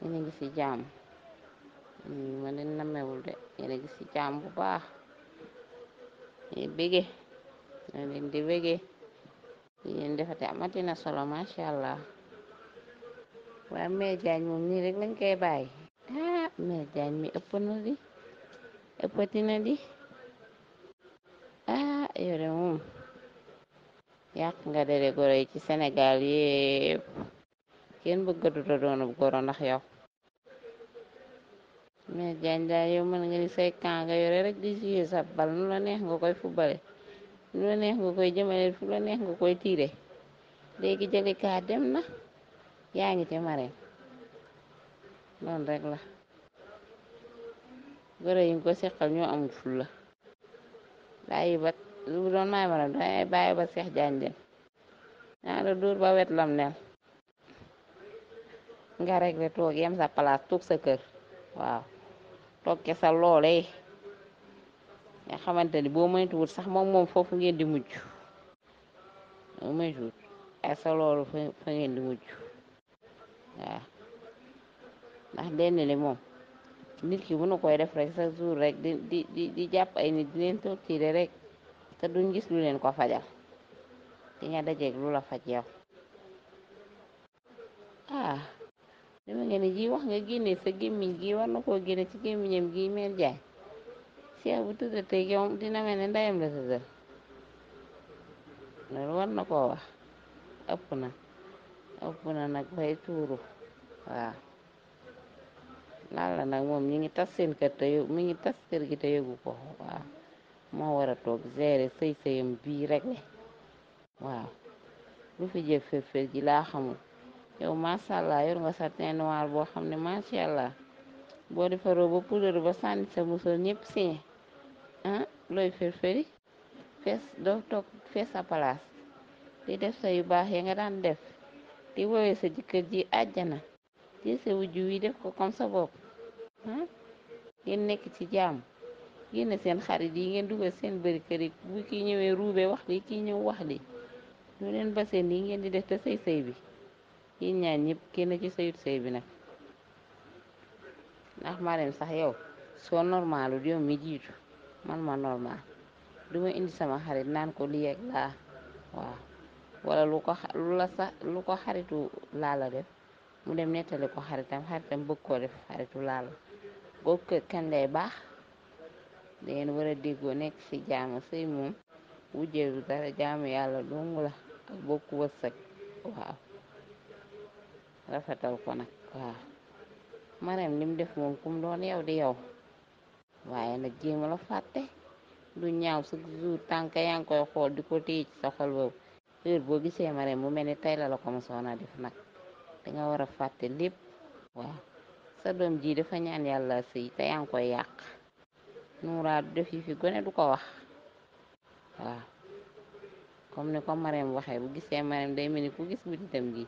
yéen ngi si jàmm ma leen namewul de yéen ngi si jàmm bu baax yéen bëgge na leen di bëgge yéen defate amati na solo macha waa Mère Diagne moom nii rek lañ koy bàyyi ah mi ëpp na di ëppatina di aa yore moom yàq nga dere goro yi ci Sénégal yépp kenn bëggatuta doonub goro ndax yow mais janjaay yow mën nga di say kan nga rek di joué sa bal nu la neex nga koy fubale nu la neex nga koy jëmale fu la neex nga koy tiire léegi jëli kaa dem na yaa ngi ci mareen noonu rek la goro ko seqal ñoo amul fulla bàyyi ba lu doon may maram damay bàyyi ba seex jaañ dem ñaara nga rek le toog yem sa place toog sa kër waaw toog ke sa loole nga xamante ni boo moytuwut sax moom moom foofu ngeen di mujj boo moytuwut ay sa loolu fa ngeen di mujj waaw ndax denn li moom nit ki bu nu koy def rek sa jour rek di di di jàpp ay nit di leen torturer rek te duñ gis lu leen ko fajal di nga dajeeg lu la faj yow ah dama nga ji wax nga génne sa gémmiñ gi war na koo génne ci gémmiñam gi meer jaay seex bu tëdda tey yow dina mel ne ndayam la tëddal loolu war na koo wax ëpp na ëpp na nag bay tuuru waaw Lalla nag moom mi ngi tas seen kër te yóbbu mi ngi tas kër gi te yóbbu ko moo war a toog gérer sëy sëyam bii rek ne waaw lu fi jëf fër ji laa xamul yow masàllaa yor nga sa teint noir boo xam ne masàllaa boo defaroo ba poudre ba sànni sa musóor ñëpp sine ah looy fërfëri fees doo toog fees sa palaas di def sa yu baax ya nga daan def di woowee sa jikkër ji àjjana jël sa wujju wi def ko comme sa bopp Hmm? ngeen nekk ci jàmm génn seen xarit yi ngeen dugal seen bëri kër bu kii ñëwee ruube wax li kii ñëw wax li ñu leen baseen yi ngeen di def te sëy sëy bi yéen ñaan ñëpp kenn ci sëyut sëy bi nag ndax Marème sax yow soo normalul yow mi jiitu man ma normal duma indi sama xarit naan ko lii ak laa waaw wala lu ko lu la xaritu laala def mu dem nettali ko xaritam xaritam bëgg koo def xaritu laala gokka kanday baax deen wara déggoo nekk ci jaamu sëy moom wujjeedu dara jaamu yàlla dongu la ak bokku wërsëg waaw rafetal ko nag waaw mareem lim def moom kum doon yow di yow waaye nag jéema la fàtte du ñaaw sa jour tànk yaa ngi koy xool di ko téye ci sa xol boobu heure boo gisee mareem mu mel ni tey la la ko def nag danga war fàtte lépp waaw sa doom ji dafa ñaan yàlla sëy te yaa koy yàq Noura du def yi fi gone du ko wax waaw comme ni ko Marème waxee bu gisee Marème day mel ni ku gis butitam gi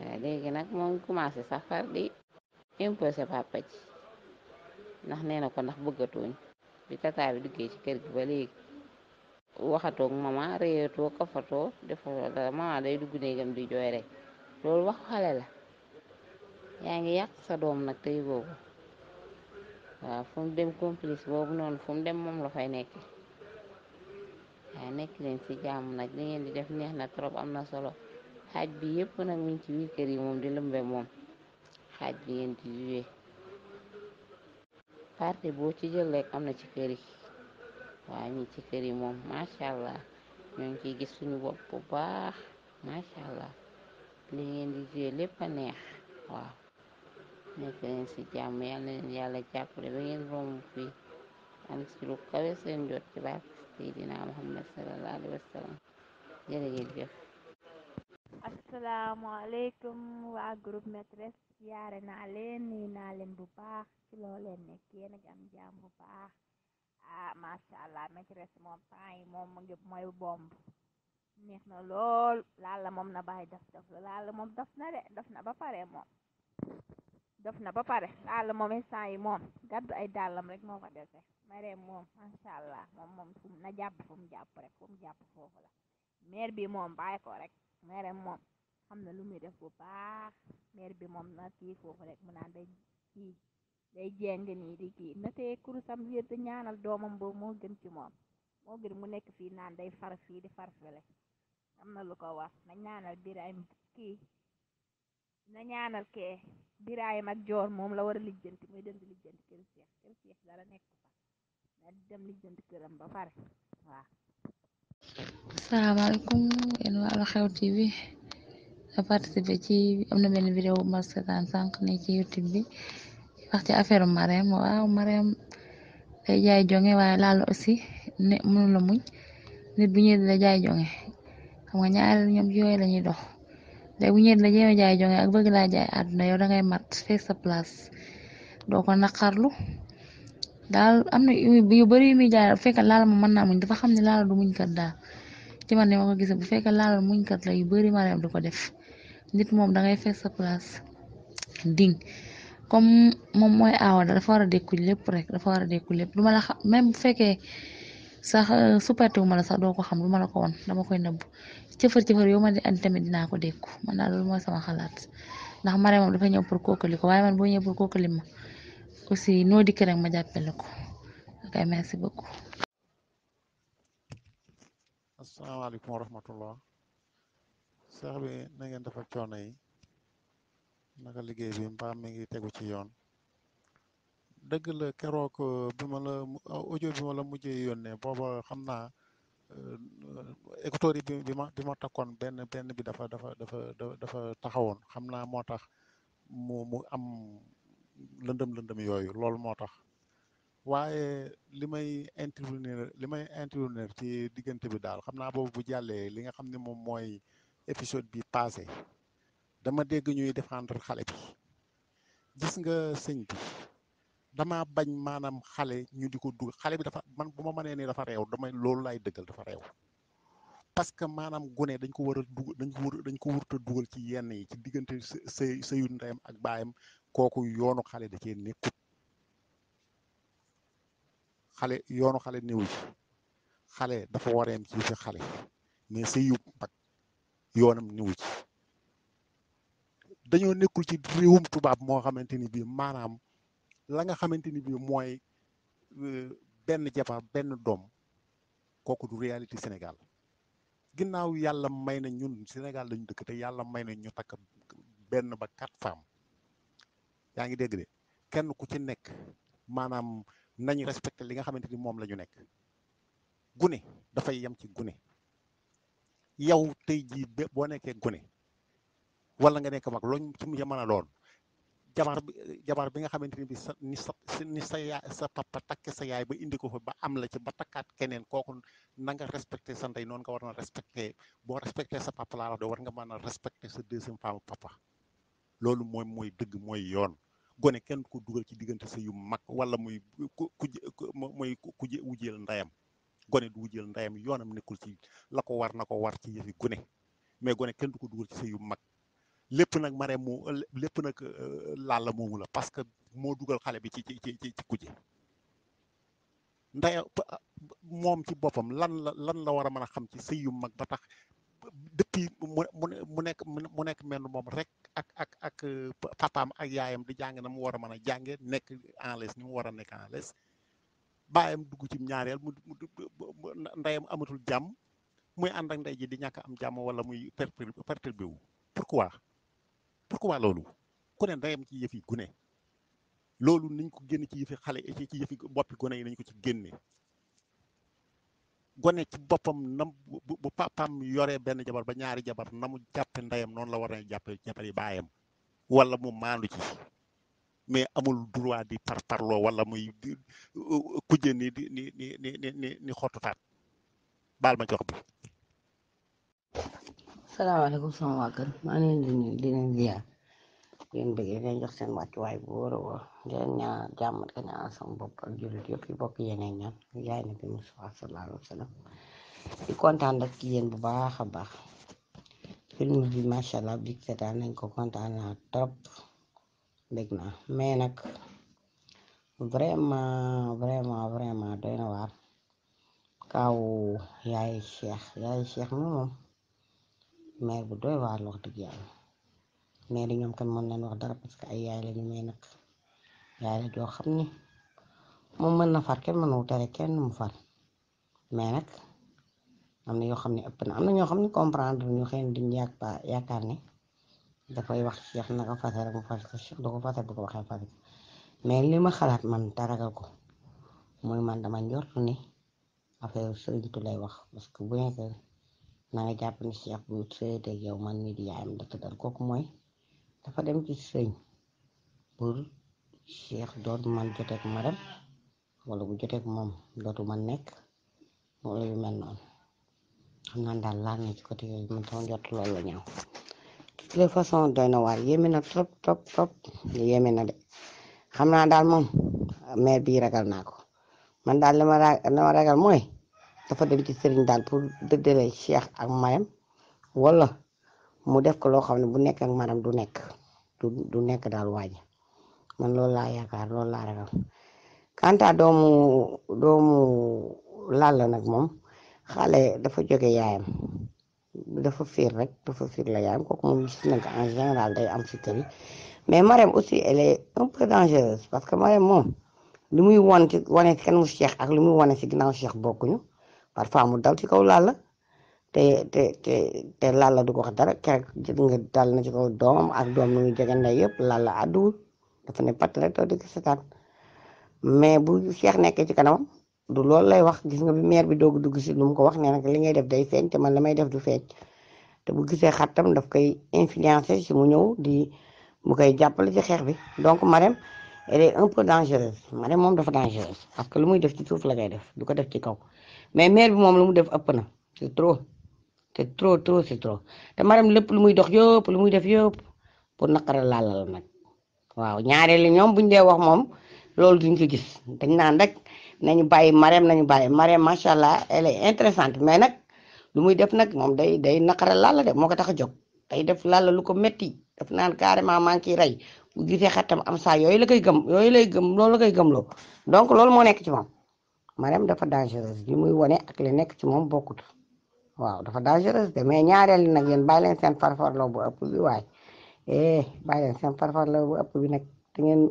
waaw léegi nag moom commencé sax far di imposé papa ji ndax nee na ko ndax bëggatooñ bi tata duggee ci kër gi ba léegi waxatoog mama réyatoo kafatoo defoo dara day dugg néegam di jooy rek loolu waxu xale la yaa ngi yàq sa doom nag te yëgoo ko waaw fu dem complice boobu noonu fu dem moom la fay nekk waaw nekk leen ci jàmm nag li ngeen di def neex na trop am na solo xaaj bi yëpp nag mi ngi ci biir yi moom di lëmbe moom xaaj bi ngeen di jouer parti boo ci jël rek am na ci kër yi waaw ñi ci kër yi moom macha allah ñoo ngi ciy gis suñu bopp bu baax macha allah li ngeen di jouer lépp a neex waaw. nekk leen ci jàmm yal na leen yàlla jàppale ba ngeen romb fii am ci lu kawe seen jot ci barke Seydina Muhammad sallallahu alayhi wa sallam jërë ngeen jëf asalaamaaleykum waa groupe maîtresse yaare naa leen nii naa leen bu baax ci loo leen nekk yéen ah macha allah maîtresse moom temps na lool laala moom na na de daf na ba pare moom def na ba pare daal moom instant yi moom gàddu ay dàllam rek moo ko dese maire moom macha allah moom moom na jàpp fu mu jàpp rek fu jàpp foofu la maire bi moom bàyyi ko rek maire moom xam na lu muy def bu baax maire bi moom na kii foofu rek mu naan day kii day jéng nii di kii na tey kurusam wér di ñaanal doomam boobu moo gën ci moom moo gën mu nekk fii naan day far fii di far fele am na lu ko wax na ñaanal biram kii na ñaanal kee biraayam ak joor moom la war a lijjanti muy dem di lijjanti kër seex kër seex dara nekk fa daal di dem lijjanti ba pare waaw asalaamaaleykum am na benn vidéo bu ma seetaan sànq ne ci youtube bi wax ci affaire Marème waaw Marème day jaay jonge waaye laala aussi ne mënu la muñ nit bu ñëwee jaay jonge xam nga ñaareel ñoom yooyu lañuy dox léegi bu ñëwee dina jaay jonge ak bëgg laa jaay àdduna yow da ngay mat fees sa place doo ko naqarlu daal am na yu bëri yu muy jaay bu fekkee laal ma mën naa muñ dafa xam ne laal du muñ kat daal ci man ne ma ko gisee bu fekkee laal muñ kat la yu bari ma du ko def nit moom dangay ngay sa place ding comme moom mooy aawa dafa war a dékku lépp rek dafa war a dékku lépp du ma la xam même bu fekkee sax supporté ma la sax doo ko xam du ma la ko won dama koy nëbb cëfar cëfar yow ma di andi tamit dinaa ko dékku man daal loolu mooy sama xalaat ndax mare moom dafa ñëw pour kookali ko waaye man boo ñëw pour kookali aussi noo dikk rek ma jàppale ko ok merci beaucoup. asalaamaaleykum wa rahmatullah bi na ngeen dafa coono yi naka liggéey bi mbaam mi ngi tegu ci yoon dëgg la keroog bi bi ma la mujjee yónnee booba xam naa. Euh, écouteurs yi bi ma bi ma takkoon benn benn bi dafa dafa dafa dafa taxawoon xam naa moo tax mu mu am lëndëm lëndëm yooyu loolu moo tax waaye li may intervenir li may intervenir ci diggante bi daal xam naa boobu bu jàllee li nga xam ne moom mooy épisode bi passé dama dégg ñuy défendre xale bi gis nga sëñ bi damaa bañ maanaam xale ñu di ko dugg xale bi dafa man bu ma mënee ne dafa reew dama loolu lay dëggal dafa reew parce que maanaam gone dañ ko war a dug dañ ko war dañ ko wurta dugal ci yenn yi ci diggante sëy sëyu ndeyam ak baayam kooku yoonu xale da cee nekkut xale yoonu xale néew ci xale dafa wareem ci fi xale mais sëyu mag yoonam néew ci dañoo nekkul ci réewum tubaab moo xamante ni bii maanaam la nga xamante ni bii mooy euh, benn jabar benn doom kooku du réalité Sénégal ginnaaw yàlla may na ñun Sénégal lañu dëkk te yàlla may na ñu takk benn ba quatre femmes yaa ngi dégg de kenn ku ci nekk maanaam nañu respecté li nga xamante ni moom lañu nekk gune dafay yem ci gune yow tey jii boo nekkee gune walla nga nekk mag loo ci mën a lool jabar jabar bi nga xamante ni bi sa ni sa ni sa sa papa takk sa yaay ba indi ko fa ba am la ci ba takkaat keneen kooku na nga respecté sa ndey noonu nga war na respecté boo respecté sa papa laa wax de war nga mën a respecté sa deuxième femme papa loolu moom mooy dëgg mooy yoon gone kenn ko dugal ci diggante sa yu mag wala muy ku ku mooy ku wujjeel ndeyam gone du wujjeel ndeyam yoonam nekkul ci la ko war na ko war ci yëfi gone mais gone kenn du ko dugal ci sa yu mag lépp nag Marème mu lépp nag euh, Lalla moomu la parce que moo dugal xale bi ci ci ci ci kuje ndax ah, ci boppam lan la lan la war a mën a xam ci sëy yu mag tax depuis mu nekk mu nekk mel moom rek ak ak ak euh, papaam ak yaayam di jàng na mu war a mën a jànge nekk en les mu war a nekk baayam dugg ci ñaareel ndeyam amatul jàmm muy ànd ak ndey ji di ñàkk am jàmm wala muy perturber wu pourquoi pourquoi loolu ku ne ndeyam ci yëf yi gune loolu nañ ko génn ci yëfi xale ci ci yëfi boppi gone yi nañ ko ci génne gone ci boppam nam bu papam yore benn jabar ba ñaari jabar namu mu jàppe ndeyam noonu la war na jàppe jabar yi baayam wala mu maandu ci mais amul droit di par parloo wala muy kujje ni ni ni ni ni ni baal ma jox bi salaamaaleykum sama waa kër maa ngi leen di nuyu di leen ziar di leen jox seen wàccuwaay bu wóor a wóor di leen ñaanal jàmm ak ñaanal sama bopp yi bokk yeneen ñaan yaay na bi Mustafa sallallahu alayhi wa sallam di kontaan rek ci yéen bu baax a baax film bi macha allah bi seetaan nañ ko kontaan naa trop dégg naa mais nag vraiment vraiment vraiment doy na waar kaw yaay Cheikh yaay Cheikh moom. maire bu doy waar la wax dëgg yàlla maire ñoom kan mën leen wax dara parce que ay yaay lañu may nag yaay la joo xam ni moom mën na far kenn mën wu tere kenn mu far mais nag am yoo xam ne ëpp na am na ñoo xam ne comprendre ñu xëy na duñ yaakaar ne dafay wax Cheikh naka fase rek mu fase Cheikh ko fase bu mais li ma xalaat man taragal ko mooy man dama njortu ni affaire sëriñ lay wax parce que bu nekkee na nga jàpp ni Cheikh bu sëyeeteeg yow man mii di yaayam la tëddal kooku mooy dafa dem ci sëñ pour Cheikh dootu man joteeg ma dem wala bu joteeg moom dootu man nekk wala yu mel noonu xam naa daal laal na ci côté yooyu man sama jot loolu la ñaaw de toute façon doy na waar yéeme na trop trop trop yéeme de xam naa daal moom mère bi ragal naa ko man daal li ma ragal mooy. dafa dem ci sëriñ daal pour dëgdalee Cheikh ak mayam wala mu def ko loo xam ne bu nekk ak maanaam du nekk du nekk daal waaji man loolu laa yaakaar loolu laa ragal kanta doomu doomu Lalla nag moom xale dafa jóge yaayam dafa fiir rek dafa fiir la yaayam kooku moom gis nañ ko en général day am ci kër mais Marème aussi elle un peu dangereuse parce que Marème moom li wan kenn mu Cheikh ak li muy wane ci ginnaaw bokkuñu parfois mu dal ci kaw Lalla te te te te Lalla du ko wax dara keroog nga dal na ci kaw doom ak doom nu muy jege ndey yëpp Lalla àdduwul dafa ne pat rek toog di ko mais bu Cheikh nekkee ci kanamam du loolu lay wax gis nga bi maire bi doog dugg si lu mu ko wax nee li ngay def day feeñ man la may def du feeñ te bu gisee xattam daf koy influencer si mu ñëw di mu koy jàppale ci xeex bi donc Marème elle est un peu dangereuse moom dafa dangereuse parce que lu muy def ci suuf la koy def du ko def ci kaw. mais maire bi moom lu mu def ëpp na c'est trop c'est trop trop c'est trop te maram lépp lu muy dox yëpp lu muy def yëpp pour naqara laalal nag waaw ñaareelu ñoom ñu dee wax moom loolu duñ ko gis dañ naan rek nañu bàyyi maram nañu bàyyi maram macha allah elle est intéressante mais nag lu muy def nag moom day day naqara laala de moo ko tax a jóg day def laala lu ko metti def naan carrément ma ngi ciy rey bu gisee xettam am saa yooyu la koy gëm yooyu lay gëm loolu koy gëmloo donc loolu moo nekk ci moom Marème dafa dangereuse li muy wane ak li nekk ci moom bokkut waaw dafa dangereuse de mais ñaareel nag yéen bàyyi leen seen farfarloo bu ëpp bi waay eh bàyyi leen seen farfarloo bu ëpp bi nag te ngeen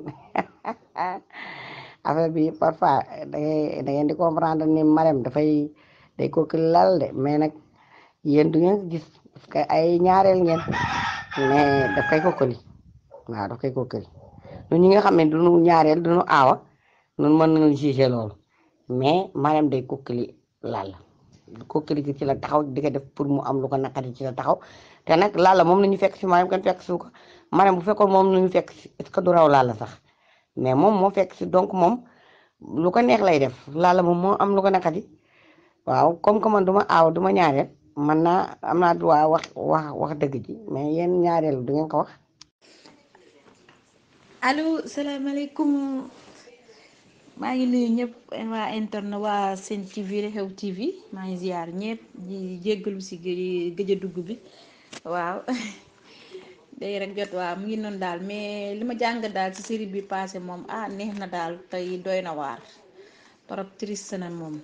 affaire bi parfois da ngay da ngeen di comprendre mareem dafay day kooku lal de mais nag yéen du ngeen gis parce que ay ñaareel ngeen mais daf koy kokkali waaw daf koy kokkali ñun ñi nga xam ne duñu ñaareel duñu aawa ñun mën nañu gisee loolu. mais maanaam day kokkili laala kokkili ci la taxaw di ko def pour mu am lu ko naqari ci la taxaw te nag laala moom la ñu fekk si maanaam kan fekk si ko maanaam bu fekkoon moom la ñu fekk si est ce que du raw laala sax mais moom moo fekk si donc moom lu ko neex lay def laala moom moo am lu ko naqari waaw comme que man du ma aaw du ñaareel man naa am naa droit wax wax wax dëgg ji mais yéen ñaareel du ngeen ko wax. allo salaamaaleykum. maa ngi nuyu ñëpp waa internet waa seen TV xew TV maa ngi ziar ñëpp di jéggalu si gëj a dugg bi waaw day rek jot waaw mu ngi noonu daal mais li ma jàng daal ci série bi passé moom ah neex na daal tey doy na waar trop triste na moom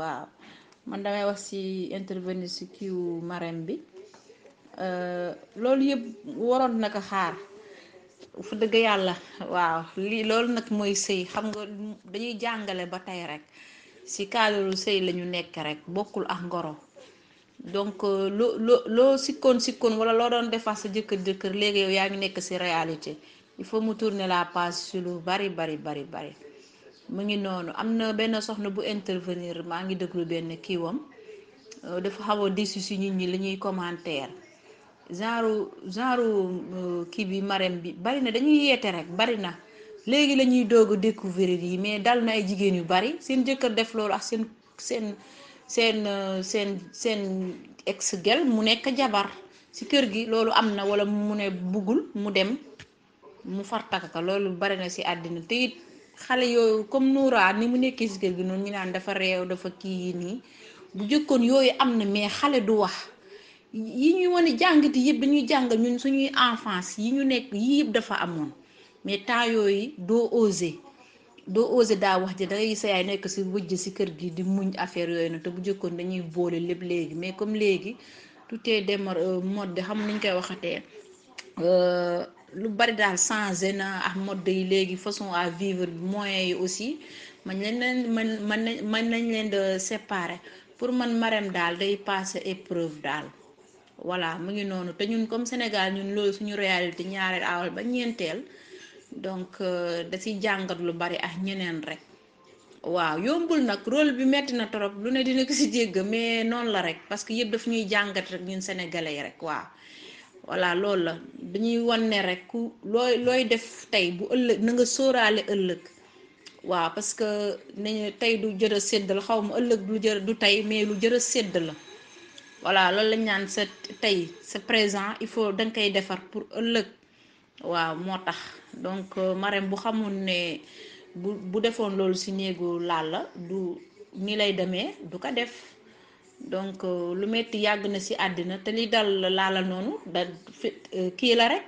waaw man damay wax si intervenir si kiw marème bi euh, loolu yëpp waroon na ko xaar. fu dëgg yàlla waaw lii loolu nag mooy sëy xam nga dañuy jàngale ba tey rek si kaalalu sëy lañu nekk rek bokkul ak ngoro donc euh, loo loo sikkoon sikkoon wala loo doon defar sa jëkkër jëkkër léegi yow yaa ngi nekk si réalité il faut mu tourner la page si lu bari bari bari bari mu ngi noonu am na benn soxna bu intervenir maa ngi déglu benn kiiwam euh, dafa xaw a diis si nit ñi li ñuy commentaire genre genre euh, kii bi marème bi bari na dañuy yeete rek bari na léegi lañuy ñuy doog a découvrir yi mais dal na ay jigéen yu bari seen jëkkër def loolu ak seen seen seen euh, seen seen ex gel mu nekk jabar ci kër gi loolu am na wala mu ne buggul mu dem mu far takk ka loolu bari na ci àddina te it xale yooyu comme Noura ni mu nekkee ci kër gi noonu ñu naan dafa réew dafa kii nii bu jëkkoon yooyu am na mais xale du wax. yi ñuy wane jàngati yëpp dañuy jàngal ñun suñuy enfance yi ñu nekk yii yëpp dafa amoon mais temps yooyu doo ose doo ose daa wax ji da ngay sa yaay nekk si wëjj si kër gi di muñ affaire yooyu nag te bu jëkkoon dañuy boole lépp léegi mais comme léegi tout est démar euh, mode xam niñ koy waxatee euh, lu bari daal changé na ak mode yi léegi façon à vivre moyens yi aussi man lañ leen man man nañ leen de séparer pour man marem daal day passer épreuve daal voilà mu ngi noonu te ñun comme Sénégal ñun loolu suñu réalité ñaareel aawal ba ñeenteel donc euh, da si jàngat lu bari ak ñeneen rek waaw yombul nag rôle bi metti na trop lu ne dina ko si jégg mais noonu la rek parce que yëpp daf ñuy jàngat rek ñun sénégalais yi rek waa voilà loolu la dañuy wan ne rek ku looy looy def tey bu ëllëg na nga sóoraale ëllëg waaw parce que nañu tey du jër a sédd la xaw ma ëllëg du jër du tey mais lu jër a sédd la voilà loolu lañ naan sa tey sa présent il da nga koy defar pour ëllëg waaw moo tax donc euh, Marème bu xamul ne bu bu defoon loolu si néegu laal la du ni lay demee du ko def donc euh, lu metti yàgg na si àddina te li dal laala noonu da euh, kii la rek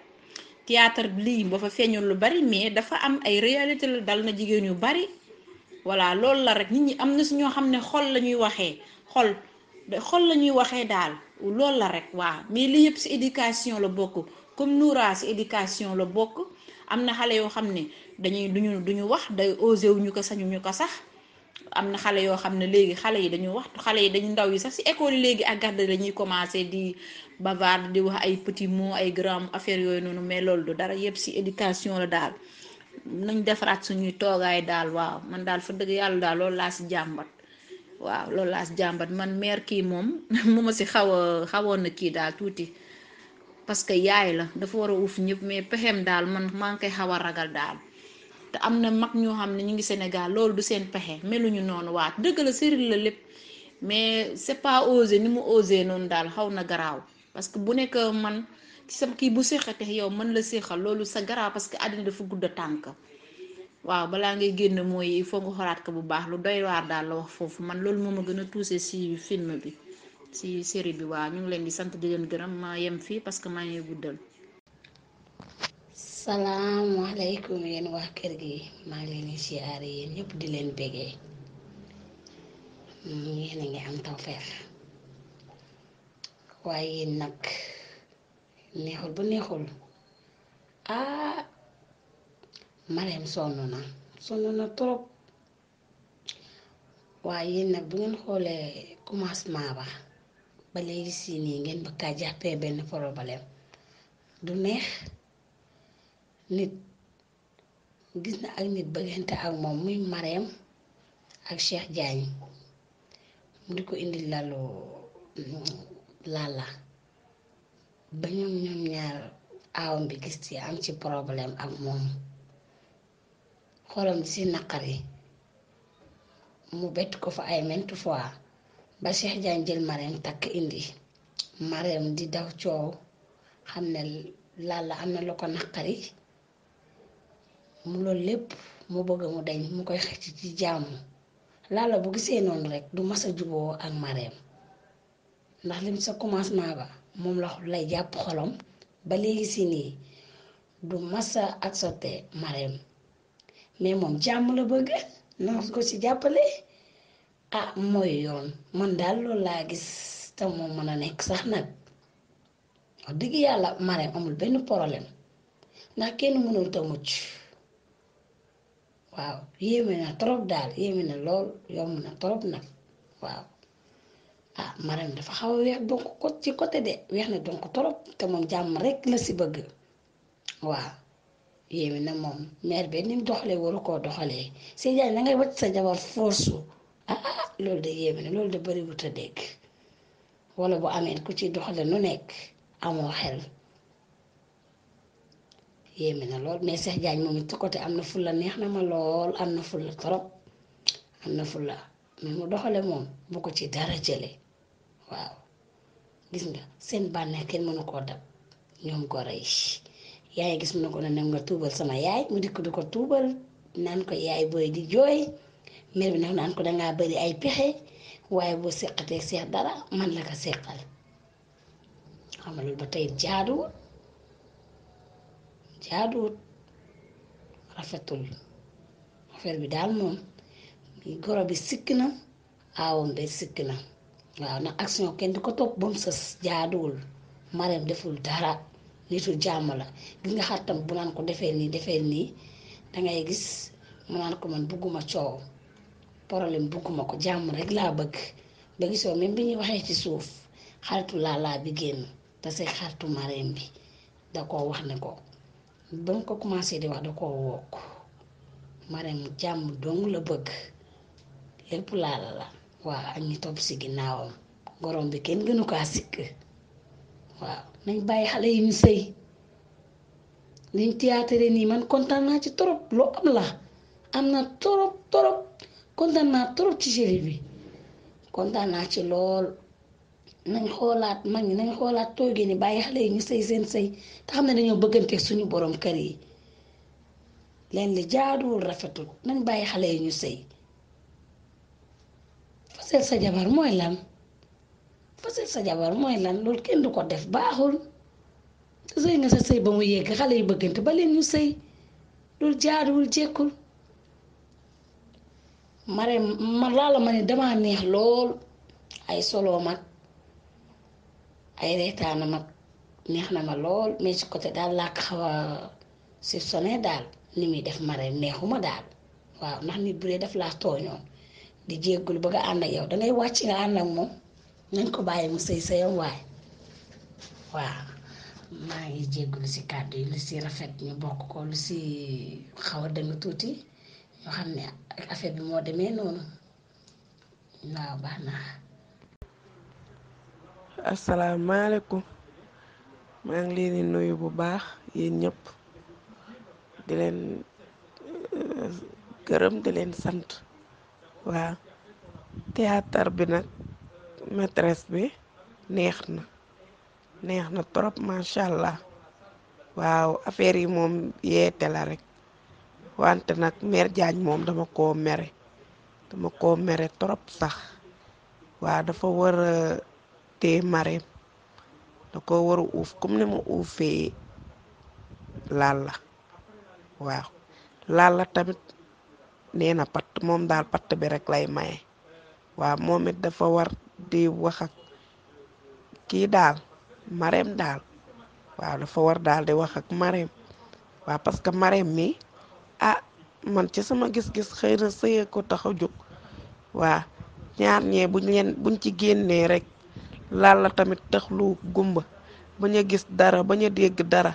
théâtre lii ba fa lu bari mais dafa am ay réalité la na jigéen yu bari voilà loolu la rek nit ñi am na si ñoo xam ne xol la ñuy waxee xol xol la ñuy waxee daal loolu la rek waa mais li yëpp ci éducation la bokk comme Noura ci éducation la bokk am na xale yoo xam ne dañuy duñu duñu wax day osé wu ñu ko sañu ko sax am na xale yoo xam ne léegi xale yi dañu wax xale yi dañu ndaw yi sax ci école yi léegi ak garde la ñuy commencé di bavarde di wax ay petits mots ay grands affaires yooyu noonu mais loolu du dara yëpp ci éducation la daal nañ defaraat suñuy toogaay daal waaw man daal fa dëgg yàlla daal loolu laa ci jàmbat. waaw loolu laas jàmbat man mère kii moom mu ma si xaw a xawoon na kii daal tuuti parce que yaay la dafa war a uuf ñëpp mais pexeem daal man maa ngi koy xaw a ragal daal te am na mag ñoo xam ne ñu ngi Sénégal loolu du seen pexe meluñu noonu waat dëgg la séril la lépp mais c'est pas ose ni mu ose noonu daal xaw na garaaw parce que bu nekk man ci sama kii bu séqate yow man la séqal loolu sa garaaw parce que àddina dafa gudd tànk waaw balaa ngay génn mooy il faut nga ko bu baax lu doy waar daal la wax foofu man loolu moom a gën a touché si film bi si série bi waaw ñu ngi leen di sant di leen gërëm ma yem fii parce que maa ngi guddal. gi maa ngi leen di siyaare yéen ñëpp di leen bégee mm, yéen a ngi am tawfeex waaye yéen nag neexul ba neexul ah Marème sonn na sonn na trop waaye yéen nag bu ngeen xoolee commencement ba ba léegi si nii ngeen bëgg a jàppee benn problème du neex nit gis na ak nit bëggante ak moom muy Marème ak Cheikh Diagne mu di ko indi lalu lalla ba ñoom ñoom ñaar aawam bi gis ci am ci problème ak moom. xolam si naqar yi mu bett ko fa ay maintes fois ba Cheikh Diagne jël takk indi Marème di daw coow xam ne Lalla am na lu ko naqari mu loolu lépp mu bëgg mu dañ mu koy xëcc ci jaamu Lalla bu gisee noonu rek du mas a juboo ak Marème ndax lim sa commencement ba moom la lay jàpp xolom ba léegi si nii du masa accepté Marème mais moom jàmm la bëgg na ko ci jàppale ah mooy yoon man daal loolu laa gis te moom mën a nekk sax nag digg yàlla Marème amul benn problème ndax kenn mënul ta mucc waaw yéeme na trop daal yéeme na lool yomb na trop nag waaw ah Marème dafa xaw weex donc ko ci côté de weex na donc trop te moom jàmm rek la si bëgg waaw yéeme na moom maire bi ni doxalee waru koo doxalee Sidi Diagne da sa jabar force ah, ah ah loolu de yéeme na loolu de bëriwut a dégg wala bu amee ku ci doxale nu nekk amoo xel yéeme na lool mais Cheikh Diagne moom it côté am na fulla neex na ma lool am na fulla trop am na fulla mais mu doxale moom bu ko ci dara jële waaw gis nga seen bànneex kenn mënu koo dab ñoom ko yi yaay gis mu ne ko ne nga tuubal sama yaay mu dikk du ko tuubal naan ko yaay booy di jooy mbir bi nag naan ko dangaa bëri ay pexe waaye boo seqatee seex dara man la ko seqal xam nga loolu ba tey jaaduwut jaaduwut rafetul affaire bi daal moom goro bi sikk na aawam ba sikk na waaw nag action kenn du ko topp ba mu sës jaaduwul mareem deful dara nitu jàmm la gis nga xaritam bu naan ko defee nii defee nii dangay gis mu naan ko man bugguma coow problème bugguma ko jàmm rek laa bëgg ba gisoo même bi ñuy waxee ci suuf xaritu laa laa bi génn parce que xaritu marraine bi da koo wax ne ko ba mu ko commencé di wax da koo wokk marraine jàmm doom la bëgg lépp laa la la waaw ak ñi topp si ginnaawam gorom bi kenn gënu kaa sikk waaw nañ bàyyi xale yi ñu sëy liñ théâtre nii man kontaan naa ci torop loo am la am na trop trop kontaan naa trop ci série bi kontaan naa ci lool nañ xoolaat mag ñi nañ xoolaat toogee ni bàyyi xale yi ñu sëy seen sëy te xam ne dañoo bëggante suñu boroom kër yi leen li jaaduwul rafetul nañ bàyyi xale yi ñu sëy fasel sa jabar mooy lan parce que sa jabar mooy lan lool kenn du ko def baaxul sëy nga sa sëy ba mu yegg xale yu bëggante ba leen ñu sëy loolu jaaduwul jekkul mare ma damaa neex lool ay soloo mag ay reetaana mag neex na ma lool mais ci côté daal laa ko xaw a si sone daal ni muy def mare neexuma daal waaw ndax nit bu dee daf laa di jéggul bëgg a ànd ak yow dangay wàcc nga ànd ak moom nañ ko bàyyi mu sëy sëyam waaye waaw maa ngi jéggulu ci kàddu yi lu ci rafet ñu bokk ko lu ci xaw a demee tuuti ñu xam ne affaire bi moo demee noonu waaw baax na. asalaamaaleykum maa ngi leen nuyu bu baax yéen ñëpp di leen gërëm di leen sant waaw théâtre bi nag maîtresse bi neex na neex na trop macha allah waaw affaire yi moom yeete la rek wante nag mère Diagne moom dama koo mere dama koo mere trop sax waa dafa war a mareem da ko war uuf comme ni ma uufee Lalla waaw la tamit nee na patt moom daal patt bi rek lay maye waaw moom it dafa war di wax kii daal mareem daal waaw dafa war daal di wax ak mareem waa parce que mareem mi ah man ci sama gis-gis xëy na sëye ko tax a jóg waa ñaar ñee buñ leen buñ ci génnee rek laal la tamit tax lu gumba ba a gis dara bañ a dégg dara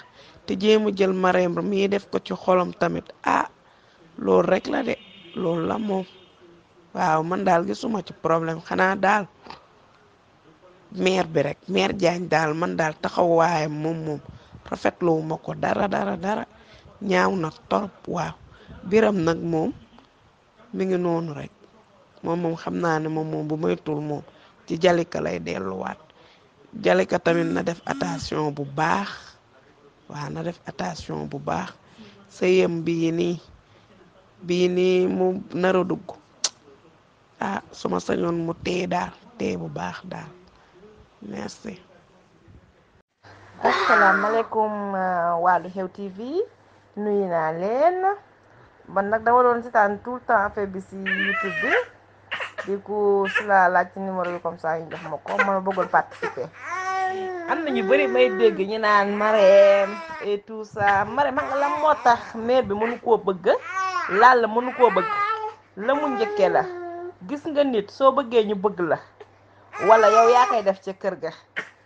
te jéem a jël mareem mii def ko ci xolam tamit ah loolu rek la de loolu la moom waaw man daal gisuma ci problème xanaa daal maire bi rekk maire Diagne daal man daal taxawaayam moom moom rafetluwu ma ko dara dara dara ñaaw na torop waaw biram nag moom mi ngi noonu rekk moom moom xam naa ni moom moom bu moytul moom ci jalika lay delluwaat jalika tamit na def attention bu baax waa na def attation bu baax sëyam bii nii bii nii mu nara dugg ah su ma sañoon mu téye daal téye bu baax daal merci. asalaamaaleykum euh, waa Lu Xew TV nuyu naa leen man nag dama doon seetaan tout le temps affaire bi si YouTube bi di ko si la laaj ci numéro bi comme ça ñu jox ma ko ma bëggoon participer. am na ñu bëri may dégg ñu naan Marème et tout ça Marème xam nga lan moo tax mère bi mënu koo bëgg laal la mënu koo bëgg la mu njëkkee la. gis nga nit soo bëggee ñu bëgg la wala yow yaa koy def ca kër ga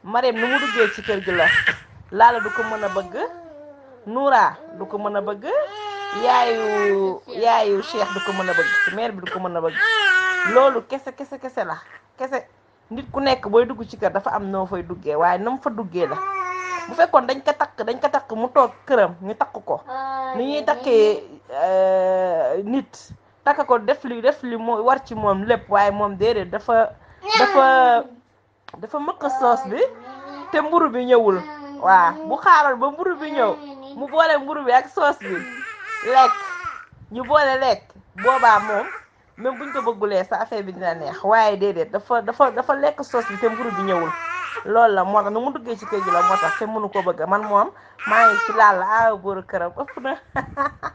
Marème nu mu duggee ci kër gi la Lalla du ko mën a bëgg Noura du ko mën a bëgg yaayu yaayu Cheikh du ko mën a bëgg mère bi du ko mën a bëgg loolu kese kese kese la kese nit ku nekk booy dugg ci kër dafa am noo fay duggee waaye na mu fa duggee la bu fekkoon dañ ko takk dañ ko takk mu toog këram ñu takk ko ni ñuy takkee euh, nit takk ko def li def li mu war ci moom lépp waaye moom déedéet dafa dafa dafa mëkk soos bi te mburu bi ñëwul waa bu xaaral ba mburu bi ñëw mu boole mburu bi ak soos bi lekk ñu boole lekk boobaa moom même buñ ko bëggulee sa affaire bi dina neex waaye déedéet dafa dafa dafa lekk soos bi te mburu bi ñëwul loolu la moo tax nu mu duggee ci kër gi la moo tax te mënu ko bëgg man moom maa ngi ci laal la a këram ëpp na